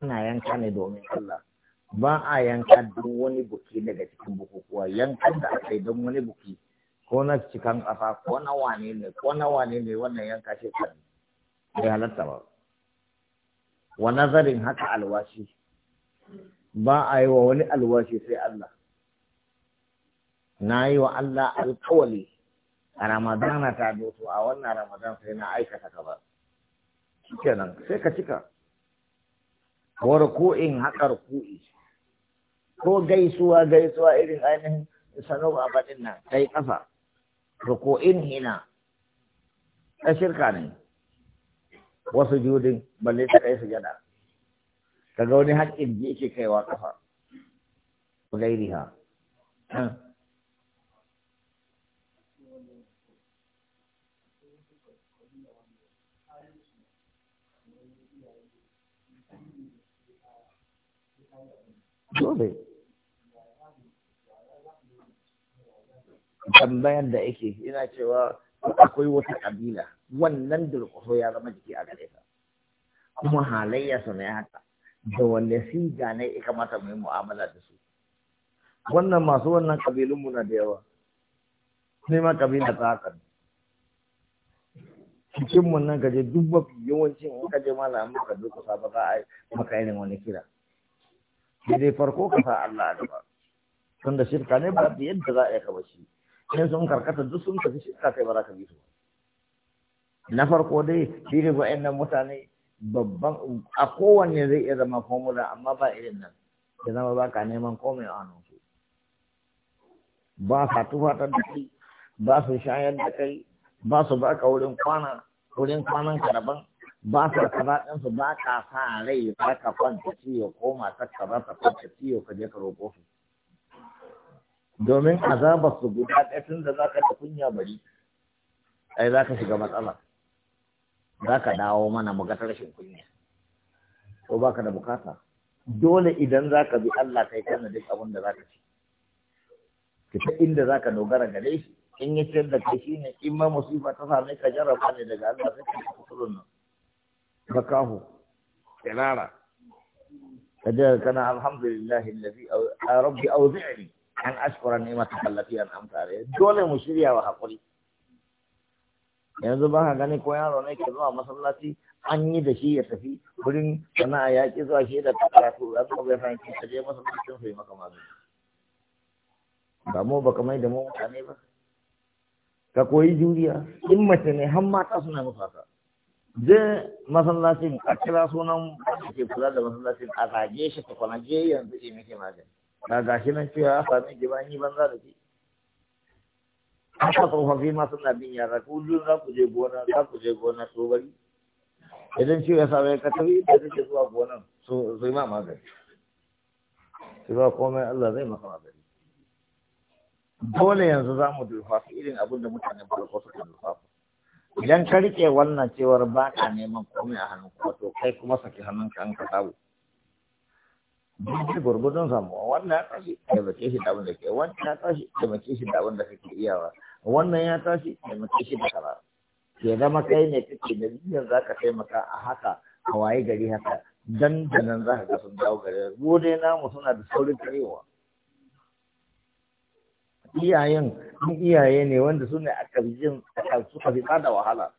ana yanka ne domin Allah ba a yanka don wani buki daga cikin bukukuwa yankan da aka yi don wani buki ko na cikin kafa ko na wane ne ko na wane ne wannan yanka shi kan ya halatta ba wa nazarin haka alwashi ba a yi wa wani alwashi sai Allah na yi wa Allah alkawali a ramadana ta doto a wannan ramadan sai na aikata ka ba kenan sai ka cika wa in haka ruku'i ko gaisuwa gaisuwa irin ainihin a faɗin nan ta yi ƙafa ruku'in hina ta shirka ne wasu judin balle ta kai sujada ga wani haƙƙin ji ke kaiwa ƙafa ku gairiha Dole. tambayar da yake ina cewa akwai wata kabila wannan durƙuso ya zama jiki a gare ta kuma su ne haka da wanne siga ne ya kamata mu yi mu'amala da su wannan masu wannan kabilun mu na da yawa sai ma kabila ta haka cikin mu nan gaje duk ba yawancin in kaje malamin ka durƙusa ba za a yi maka irin wani kira sai dai farko ka sa Allah a gaba tunda shirka ne ba yadda za a yi kaba shi sai sun karkata duk sun tafi shi kai ba za ka bi su na farko dai shi ne yan mutane babban a kowanne zai iya zama formula amma ba irin nan ya zama ba ka neman komai a hannun su ba sa ta da kai ba su shayar da kai ba su ba ka wurin kwana wurin kwanan karaban ba su kaza ɗin su ba ka sa rai ba ka kwanta ciwo ko masu ka ta kwanta ciwo ka je ka roƙo su domin azabar su guda ɗaya tun da za ka da kunya bari ai za ka shiga matsala za ka dawo mana mu gata rashin kunya ko ba ka da bukata dole idan za ka bi Allah kai kana duk abin da za ka ci ta inda za ka dogara gare shi in ya ciyar da kai shi ne in ma musifa ta same ka jarraba ne daga Allah sai ka kusurin nan bakahu tsirara kaje kana alhamdulillah allazi rabbi awzi'ni an ashkura ne mata kallafi an da dole mu shirya wa hakuri yanzu ba ka gani ko yaro ne ke zuwa masallaci an yi da shi ya tafi wurin sana'a ya ki zuwa shi da karatu ya zuwa bai fahimci ka je masallacin su yi maka magana ba mu ba kamar da mu mutane ba ka koyi juriya in mace ne har mata suna musu haka je masallacin a kira sunan ke kula da masallacin a zage shi ta kwana je yanzu ke muke magana ga gashi nan cewa a sami yi ban za banza da ke haka tsofaffi ma suna bin yara kullum za ku je gona za ku je gona so bari idan cewa ya sami ka tafi da suke zuwa gona so zai ma magani Su ba komai Allah zai maka magani dole yanzu za mu su irin abin da mutanen farko suka su idan ka rike wannan cewar ba ka neman komai a hannun to kai kuma saki hannun ka an ka sabu jirgin gwargwadon samu. wannan ya tashi taimake shi da abin da ke wannan ya tashi taimake shi da abin da kake iyawa wannan ya tashi taimake shi da kaza ke zama kai ne kake da biyan za ka taimaka a haka a waye gari haka dan da nan za ka ga sun dawo gari mu dai namu suna da saurin karewa iyayen in iyaye ne wanda su ne aka jin suka fi da wahala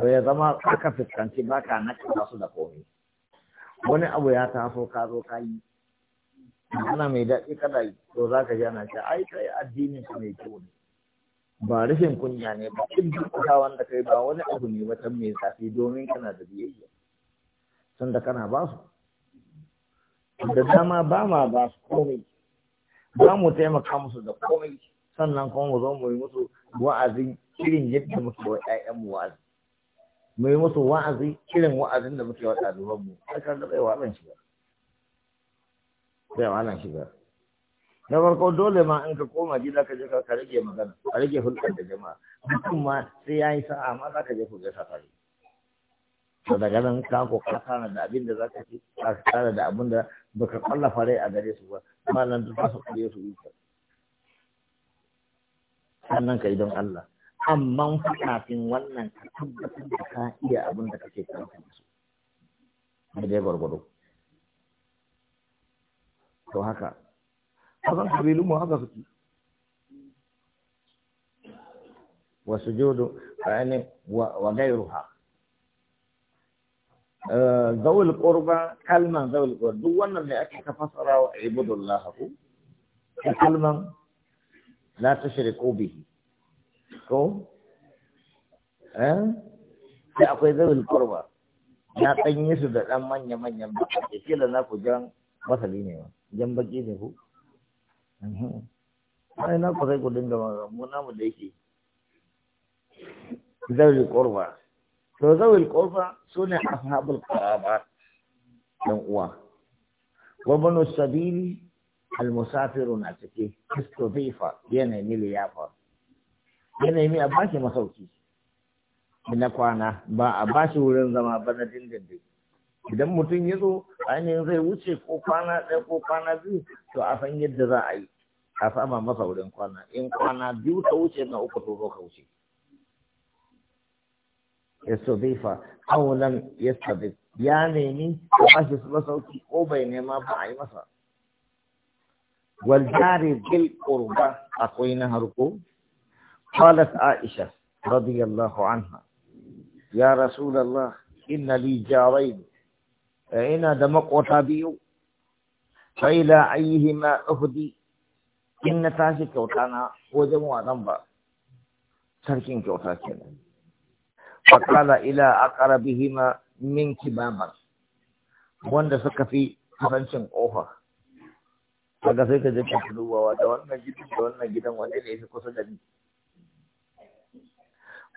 to ya zama aka fuskanci baka na su da komai wani abu ya taso ka zo ka yi ana mai daɗi kada to za ka ji ana ce ai kai addinin ka mai kyau ne ba rashin kunya ne ba kin duka wanda kai ba wani abu ne ba tan mai zafi domin kana da biyayya tun da kana ba su da dama ba ma ba su komai ba mu taimaka musu da komai sannan kuma mu zo mu yi musu wa'azin irin yadda muke wa 'ya'yanmu wa'azi mu yi musu wa'azi irin wa'azin da muke wa ɗalibanmu ai da bai wa ban shi ba sai wahalan shiga na farko dole ma in ka koma gida ka je ka rage magana ka rage hulɗar da jama'a mutum ma sai ya yi sa'a ma za ka je ku gaisa tare to daga nan ka ko ka tsara da abin da za ka ci ka tsara da abin da baka kwallafa rai a gare su ba amma nan duk za su kuje su yi sannan ka yi don Allah amma kafin wannan ka tabbatar da ka iya abin da kake karanta da su. ne dai gwargwado. to haka kasan kabilun mu haka suke wa sujudu yani wa gairuha eh, zawul qurba kalman zawul qurba duk wannan ne ake ka fasara wa ibudullah ku kalman la tushriku bihi ko eh sai akwai zawul qurba na ɗan su da ɗan manya-manyan ba ke kila na ku jan masali ne ba jan baki ne ku uhm. na ku ku dinga ba mu namu da yake zawil qurba to zawil qurba sune ashabul qaraba Ɗan uwa wa banu sabili al musafirun cike istofifa yanayi mi liyafa Yanayi mi a bashi masauki na kwana ba a bashi wurin zama ba na dindindin idan mutum ya zo ainihin zai wuce ko kwana ɗaya ko kwana biyu to a san yadda za a yi a sama masa wurin kwana in kwana biyu ta wuce na uku to zo ka wuce ya zai fa aulan ya sabi ya nemi ko a shi masauki ko bai nema ba a yi masa wal jari bil qurba akwai na harko qalat aisha radiyallahu anha Ya rasulullah inna li إن Eh, ina da makota biyu fa ila ayyihima uhdi in na tashi kyauta na wajen wannan ba sarkin kyauta kenan fa qala ila aqrabihima min baban wanda suka fi kusancin ƙofa. kaga sai ka je ka dubawa da wannan gidan da wannan gidan wanda ne fi kusa da ni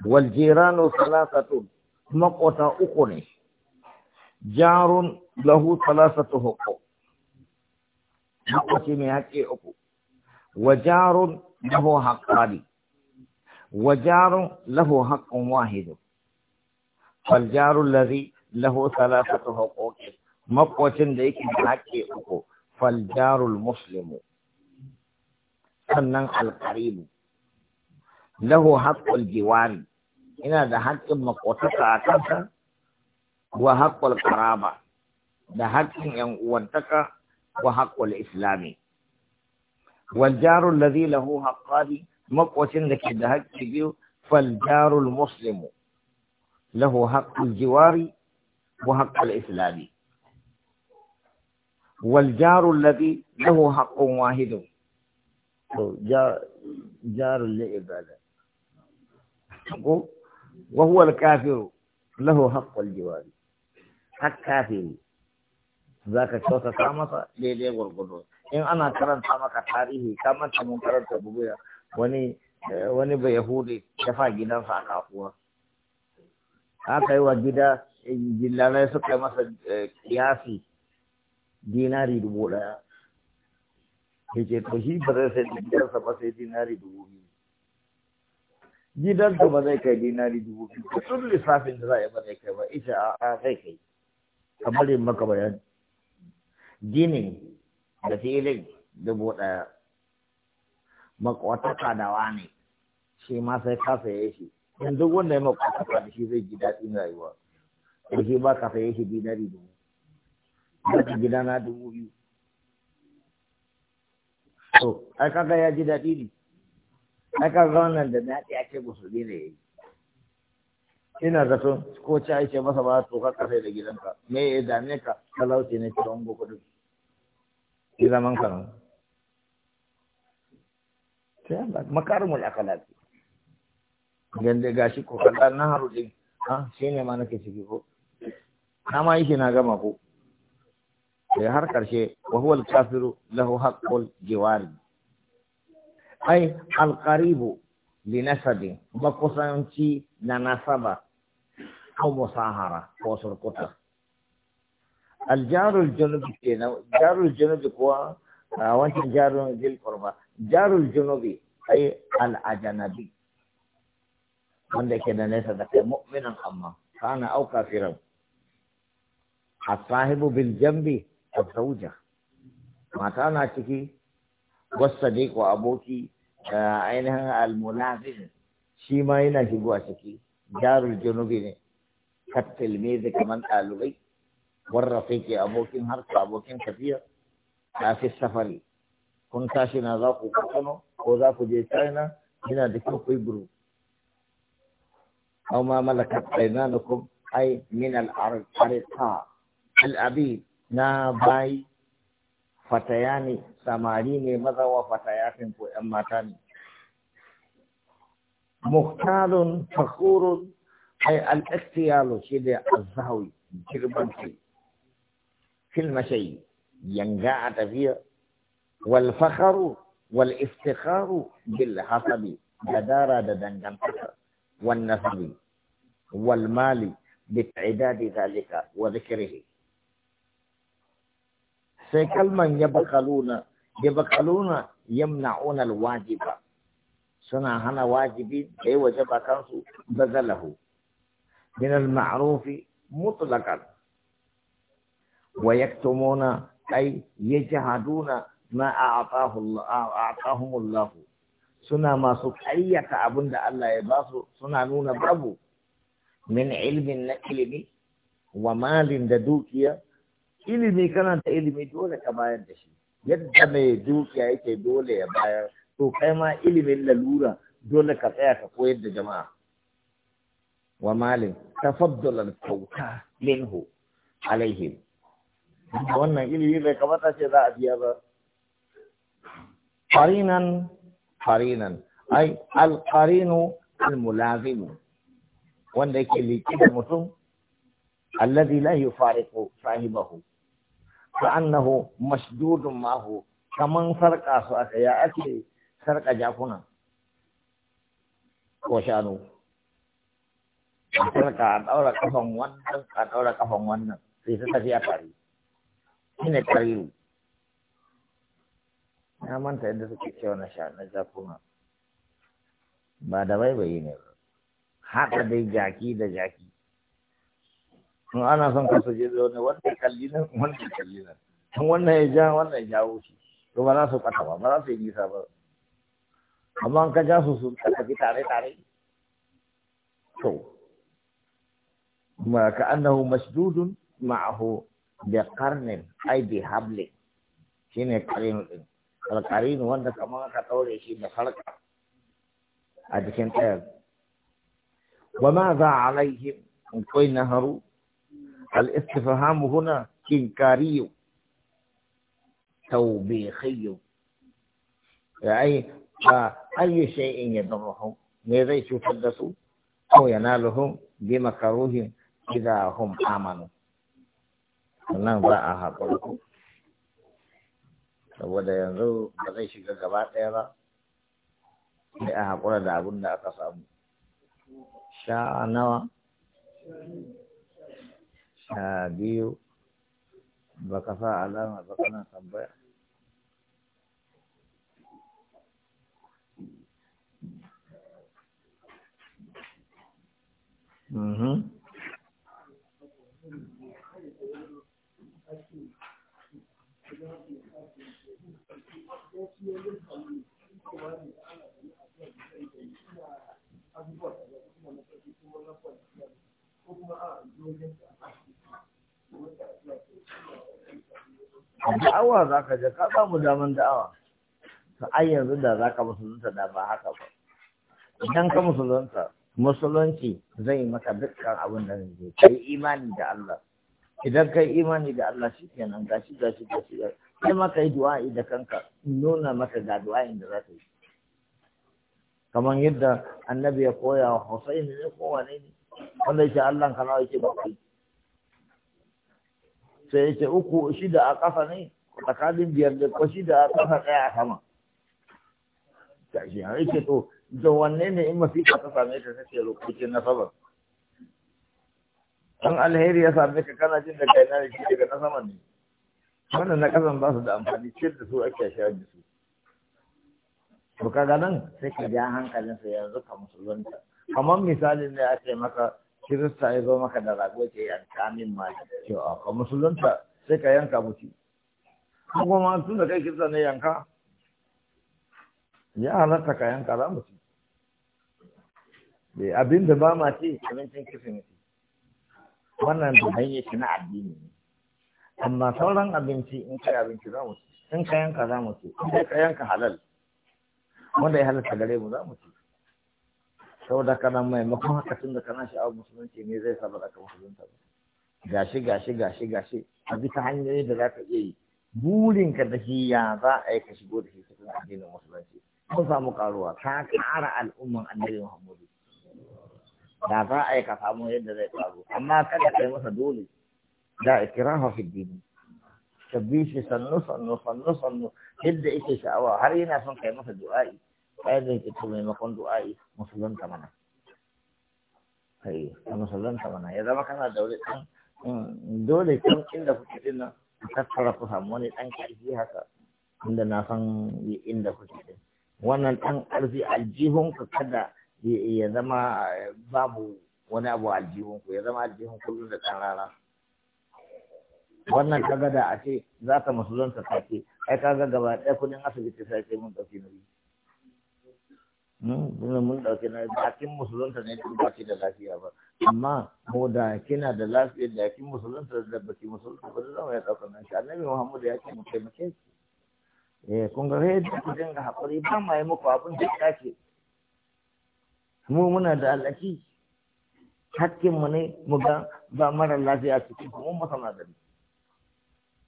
wal jiranu salasatun makota uku ne jarun lahu salasatu huquq haƙƙi mai haƙƙi uku wa jarun lahu haqqani wa jarun lahu haqqun wahid fal jaru alladhi lahu salasatu huquq maƙwacin da yake da haƙƙi uku fal jarul muslimu sannan alqaribu lahu haqqul jiwari ina da haƙƙin maƙwataka a kansa wa haqqul ƙaraba da haqqin ‘yan uwantaka wa haqqul islami. wal jaru alladhi lahu haƙƙari maƙwacin da ke da haqqi biyu fal jaru al muslimu lahu haqqul jiwari wa haqqul islami. wal jaru alladhi lahu haqqun wahidun. To, jarun li'ibada. Ko, wa huwa al-kafiru lahu haƙƙul jiwari. har kafiri za ka kyautata masa daidai gwargwado in ana karanta maka tarihi ka manta mun karanta buguya wani wani bai yahudi ya fa gidansa a kakuwa aka yi wa gida jillarai suka yi masa eh, kiyasi dinari dubu daya ya ce to shi ba zai sai gidansa ba sai dinari dubu biyu gidansa ba zai kai dinari dubu biyu tun lissafin da za a yi ba zai kai ba ita a kai kai kamar yin maka bayani gini da filin dubu ɗaya makwata da wani shi ma sai ka saye shi in duk wanda ya makwata da shi zai ji daɗin rayuwa da shi ba ka saye shi dinari dubu ta gida na dubu biyu to ai kaga ya ji daɗi ne ai kaga wannan da daɗi ake musulmi ne ya yi ina zato ko ci aice masa ba to ka kasai da gidanka me ya dame ka talauci ne cikin ungo kudin ki zaman ka nan sai Allah makarimul akhlaqi gande gashi ko kalla na haru din ha shine ma nake ciki ko na ma yake na gama ko sai eh, har karshe wa huwa al-kafiru lahu haqqul jiwari ai al-qaribu li makusanci na nasaba أو مصاهرة أو سرقطة الجار الجنوب كنا جار الجنوب كوا آه، وانت جار ذي قربة جار الجنوبي أي الأجنبي من كده ليس ذاك مؤمنا أما كان أو كافرا الصاحب بالجنب الزوجة ما كان أتكي والصديق وأبوكي آه، أينها الملازم shi ma yana shigo a ciki jarul janubi ne me da kamar ɗalibai warrafe ke abokin harka abokin tafiya fi safari kun tashi na za ku kano ko za ku je china yana da kyau kuyi guru aw ma malakat aymanukum ay min al arqa al abi na bai fatayani samari ne maza wa fatayatin ko yan mata ne مختال فخور أي الاختيار شيء الزهوي جربان شيء في المشي ينجا تفيه والفخر والافتخار بالحسب جدارة ددنجان والنسب والمال بتعداد ذلك وذكره من يبخلون يبخلون يمنعون الواجب suna hana wajibi da ya waje ba kansu bazalahu min al-ma'rufi mutlaqan wa yaktumuna ay yajhaduna ma a'atahu Allah a'atahum Allah suna masu kayyata abinda Allah ya ba su suna nuna babu min ilmin na ilimi wa malin da dukiya ilimi kana da ilimi dole ka bayar da shi yadda mai dukiya yake dole ya bayar to kai ma ilimin lalura dole ka tsaya ka koyar da jama'a wa malin tafaddalan kauta minhu alaihim wannan ilimi bai kamata ce za a biya ba Farinan Farinan ai alqarinu almulazim wanda yake liƙi da mutum alladhi la yufariqu sahibahu ka annahu mashdudun mahu kaman sarƙa su aka ya ake sarƙa jakuna ko shanu a sarƙa a ɗaura kafan wannan a ɗaura kafan wannan sai ta tafiya tare shi ne ƙariru na manta yadda suke cewa na shanu na jakuna ba da baibayi ne ba haɗa dai jaki da jaki in ana son ka je da wani wanda kalli nan wanda kalli nan wannan ya ja wannan ya jawo shi to ba za su kwata ba ba za su yi nisa ba amma ka ja su sun tafi tare tare to kuma ka annahu masdudun ma'ahu bi qarnin ay bi hablin shine qarinu din alqarinu wanda kamar ka daure shi da sarka a cikin tsayar wa ma za alaihim in kai naharu al-istifham huna kinkariyu توبيخي أي ayyu shay'in yadurruhum me zai cutar da su ko yanaluhum bi makaruhin idza hum amanu wannan ba a haƙuri saboda yanzu ba zai shiga gaba ɗaya ba sai a haƙura da abin da aka samu sha nawa sha biyu baka sa alama ba kana tambaya Mm-hmm. da'awa za ka je ka samu daman da'awa ta ayyanzu da za ka musulunta da ba haka ba idan ka musulunta musulunci zai maka dukkan abin da zai kai imani da Allah idan kai imani da Allah shi kenan gashi gashi gashi sai maka yi du'a da kanka nuna maka ga du'a'in da za ka yi kamar yadda annabi ya koya wa Hussein ne ko wane ne wanda yake Allah kana yake bakwai sai ce uku shida a kafa ne tsakanin biyar da ko da a kafa ɗaya a sama Ya yake to da wanne ne in masifa ta same ka kake na nasabar an alheri ya same ka kana jin da kai na shi daga na saman ne wannan na kasan ba su da amfani ciyar da su ake shayar da su to ga nan sai ka ja sa yanzu ka musulunta kamar misalin ne ake maka kirista ya zo maka da rago ke yanka min ma cewa ka musulunta sai ka yanka mutu kuma tun da kai kirista ne yanka ya halatta ka yanka za mu ci Eh, abin da ba ma ce abincin kirsimeti wannan da hanyar shi na addini ne amma sauran abinci in kai abinci za mu ci in ka yanka za mu ci in ka yanka halal wanda ya halatta gare mu za mu ci saboda kana maimakon haka tun da kana sha'awar musulunci ne zai sa ba za ka musulunta ba gashi gashi gashi gashi a bisa hanyoyi da za ka iya yi burinka da shi ya za a yi ka shigo da shi cikin addinin musulunci kun samu karuwa ta kara al'umman annabi muhammadu da za a yi ka samu yadda zai faru amma kada kai masa dole da ikiraha fi dini ka bi shi sannu sannu sannu sannu yadda yake sha'awa har yana son kai masa du'a'i kai zai ki to maimakon du'a'i musulunta mana kai ka musulunta mana ya zama kana da wuri ɗan mm, dole kan inda kuke din nan ku tattara ku samu wani ɗan ƙarfi haka inda na san inda kuke din wannan ɗan ƙarfi aljihunka kada ya zama eh, babu wani abu aljihunku ya zama aljihun kullum da kan rana wannan kaga da a ce za ta musulunta sake ai kaga gaba ɗaya kudin asibiti sai ce mun ɗauki nauyi hmm, mun ɗauki na ba kin musulunta ne duk ba da lafiya ba amma ko da kina da lafiya da kin musulunta da ba ki musulunta ba zama ya ɗauka nan shi annabi muhammad ya ce mu taimake ki eh kun ga da ku dinga haƙuri ba ma yi muku abin da ya ke. mu muna da alaki hakkinmu ne mu ga ba mara lafiya cikin kuma masa magani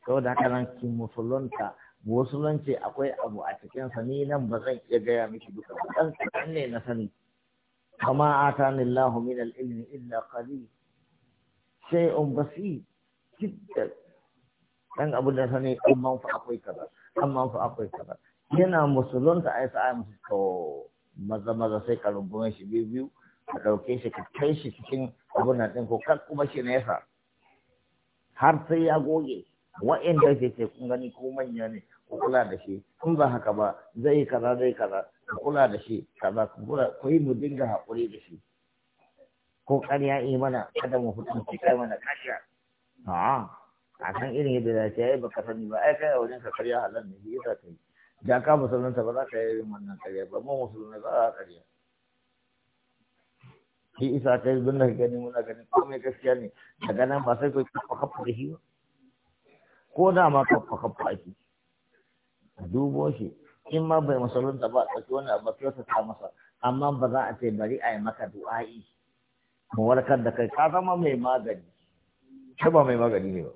saboda haka nan ki musulunta musulunci akwai abu a cikinsa ni nan ba zan iya gaya miki duka ba ɗan kaɗan ne na sani kama atani Allahu min al-ilmi illa qalil shay'un si jidda dan abu da sani amma fa akwai kaza amma fa akwai kaza yana musulunta ai sai musu to maza maza sai ka rungume shi biyu biyu ka ɗauke shi ka kai shi cikin abin nan ɗin ko kar kuma shi nesa har sai ya goge wa'inda ke ce kun gani ko manya ne ku kula da shi in ba haka ba zai kaza zai kaza ku kula da shi kaza ku kula ku yi mu dinga haƙuri da shi ko ƙarya yi mana kada mu fito shi, kai mana kashiya a'a a san irin yadda za ta yi ka sani ba ai kai a wajen ka karya halar ne yasa ta yi da ka musulunta ba za ka yi wannan kariya ba mu ba za a kariya shi isa ka yi zunna gani muna gani ko mai gaskiya ne daga nan ba sai ko kafa kafa da shi ba ko da ma kafa kafa ake dubo shi in ma bai musulunta ba a tsaki wani abu kyauta ta masa amma ba za a ce bari a yi maka du'a'i mu warkar da kai ka zama mai magani ba mai magani ne ba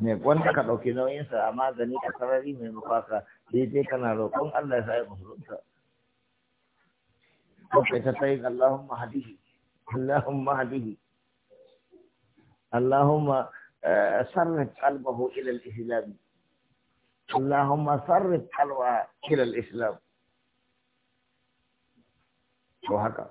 ne wanda ka ɗauki nauyinsa a magani ka sarari mai mafaka daidai kana roƙon Allah ya sa'i ya musulunta. Kofai ta tsayin Allahun mahadihi, Allahun mahadihi, Allahun ma eh, qalbahu kalbahu ilal islam Allahun ma qalwa kalwa ilal islam To haka.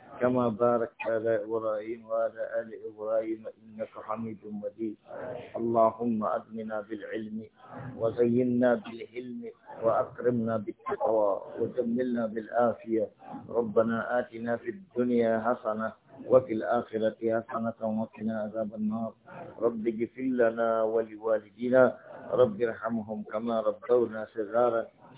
كما باركت على إبراهيم وعلى آل إبراهيم إنك حميد مجيد اللهم أدمنا بالعلم وزينا بالحلم وأكرمنا بالتقوى وجملنا بالآفية ربنا آتنا في الدنيا حسنة وفي الآخرة حسنة وقنا عذاب النار رب اغفر لنا ولوالدينا رب ارحمهم كما ربونا صغارا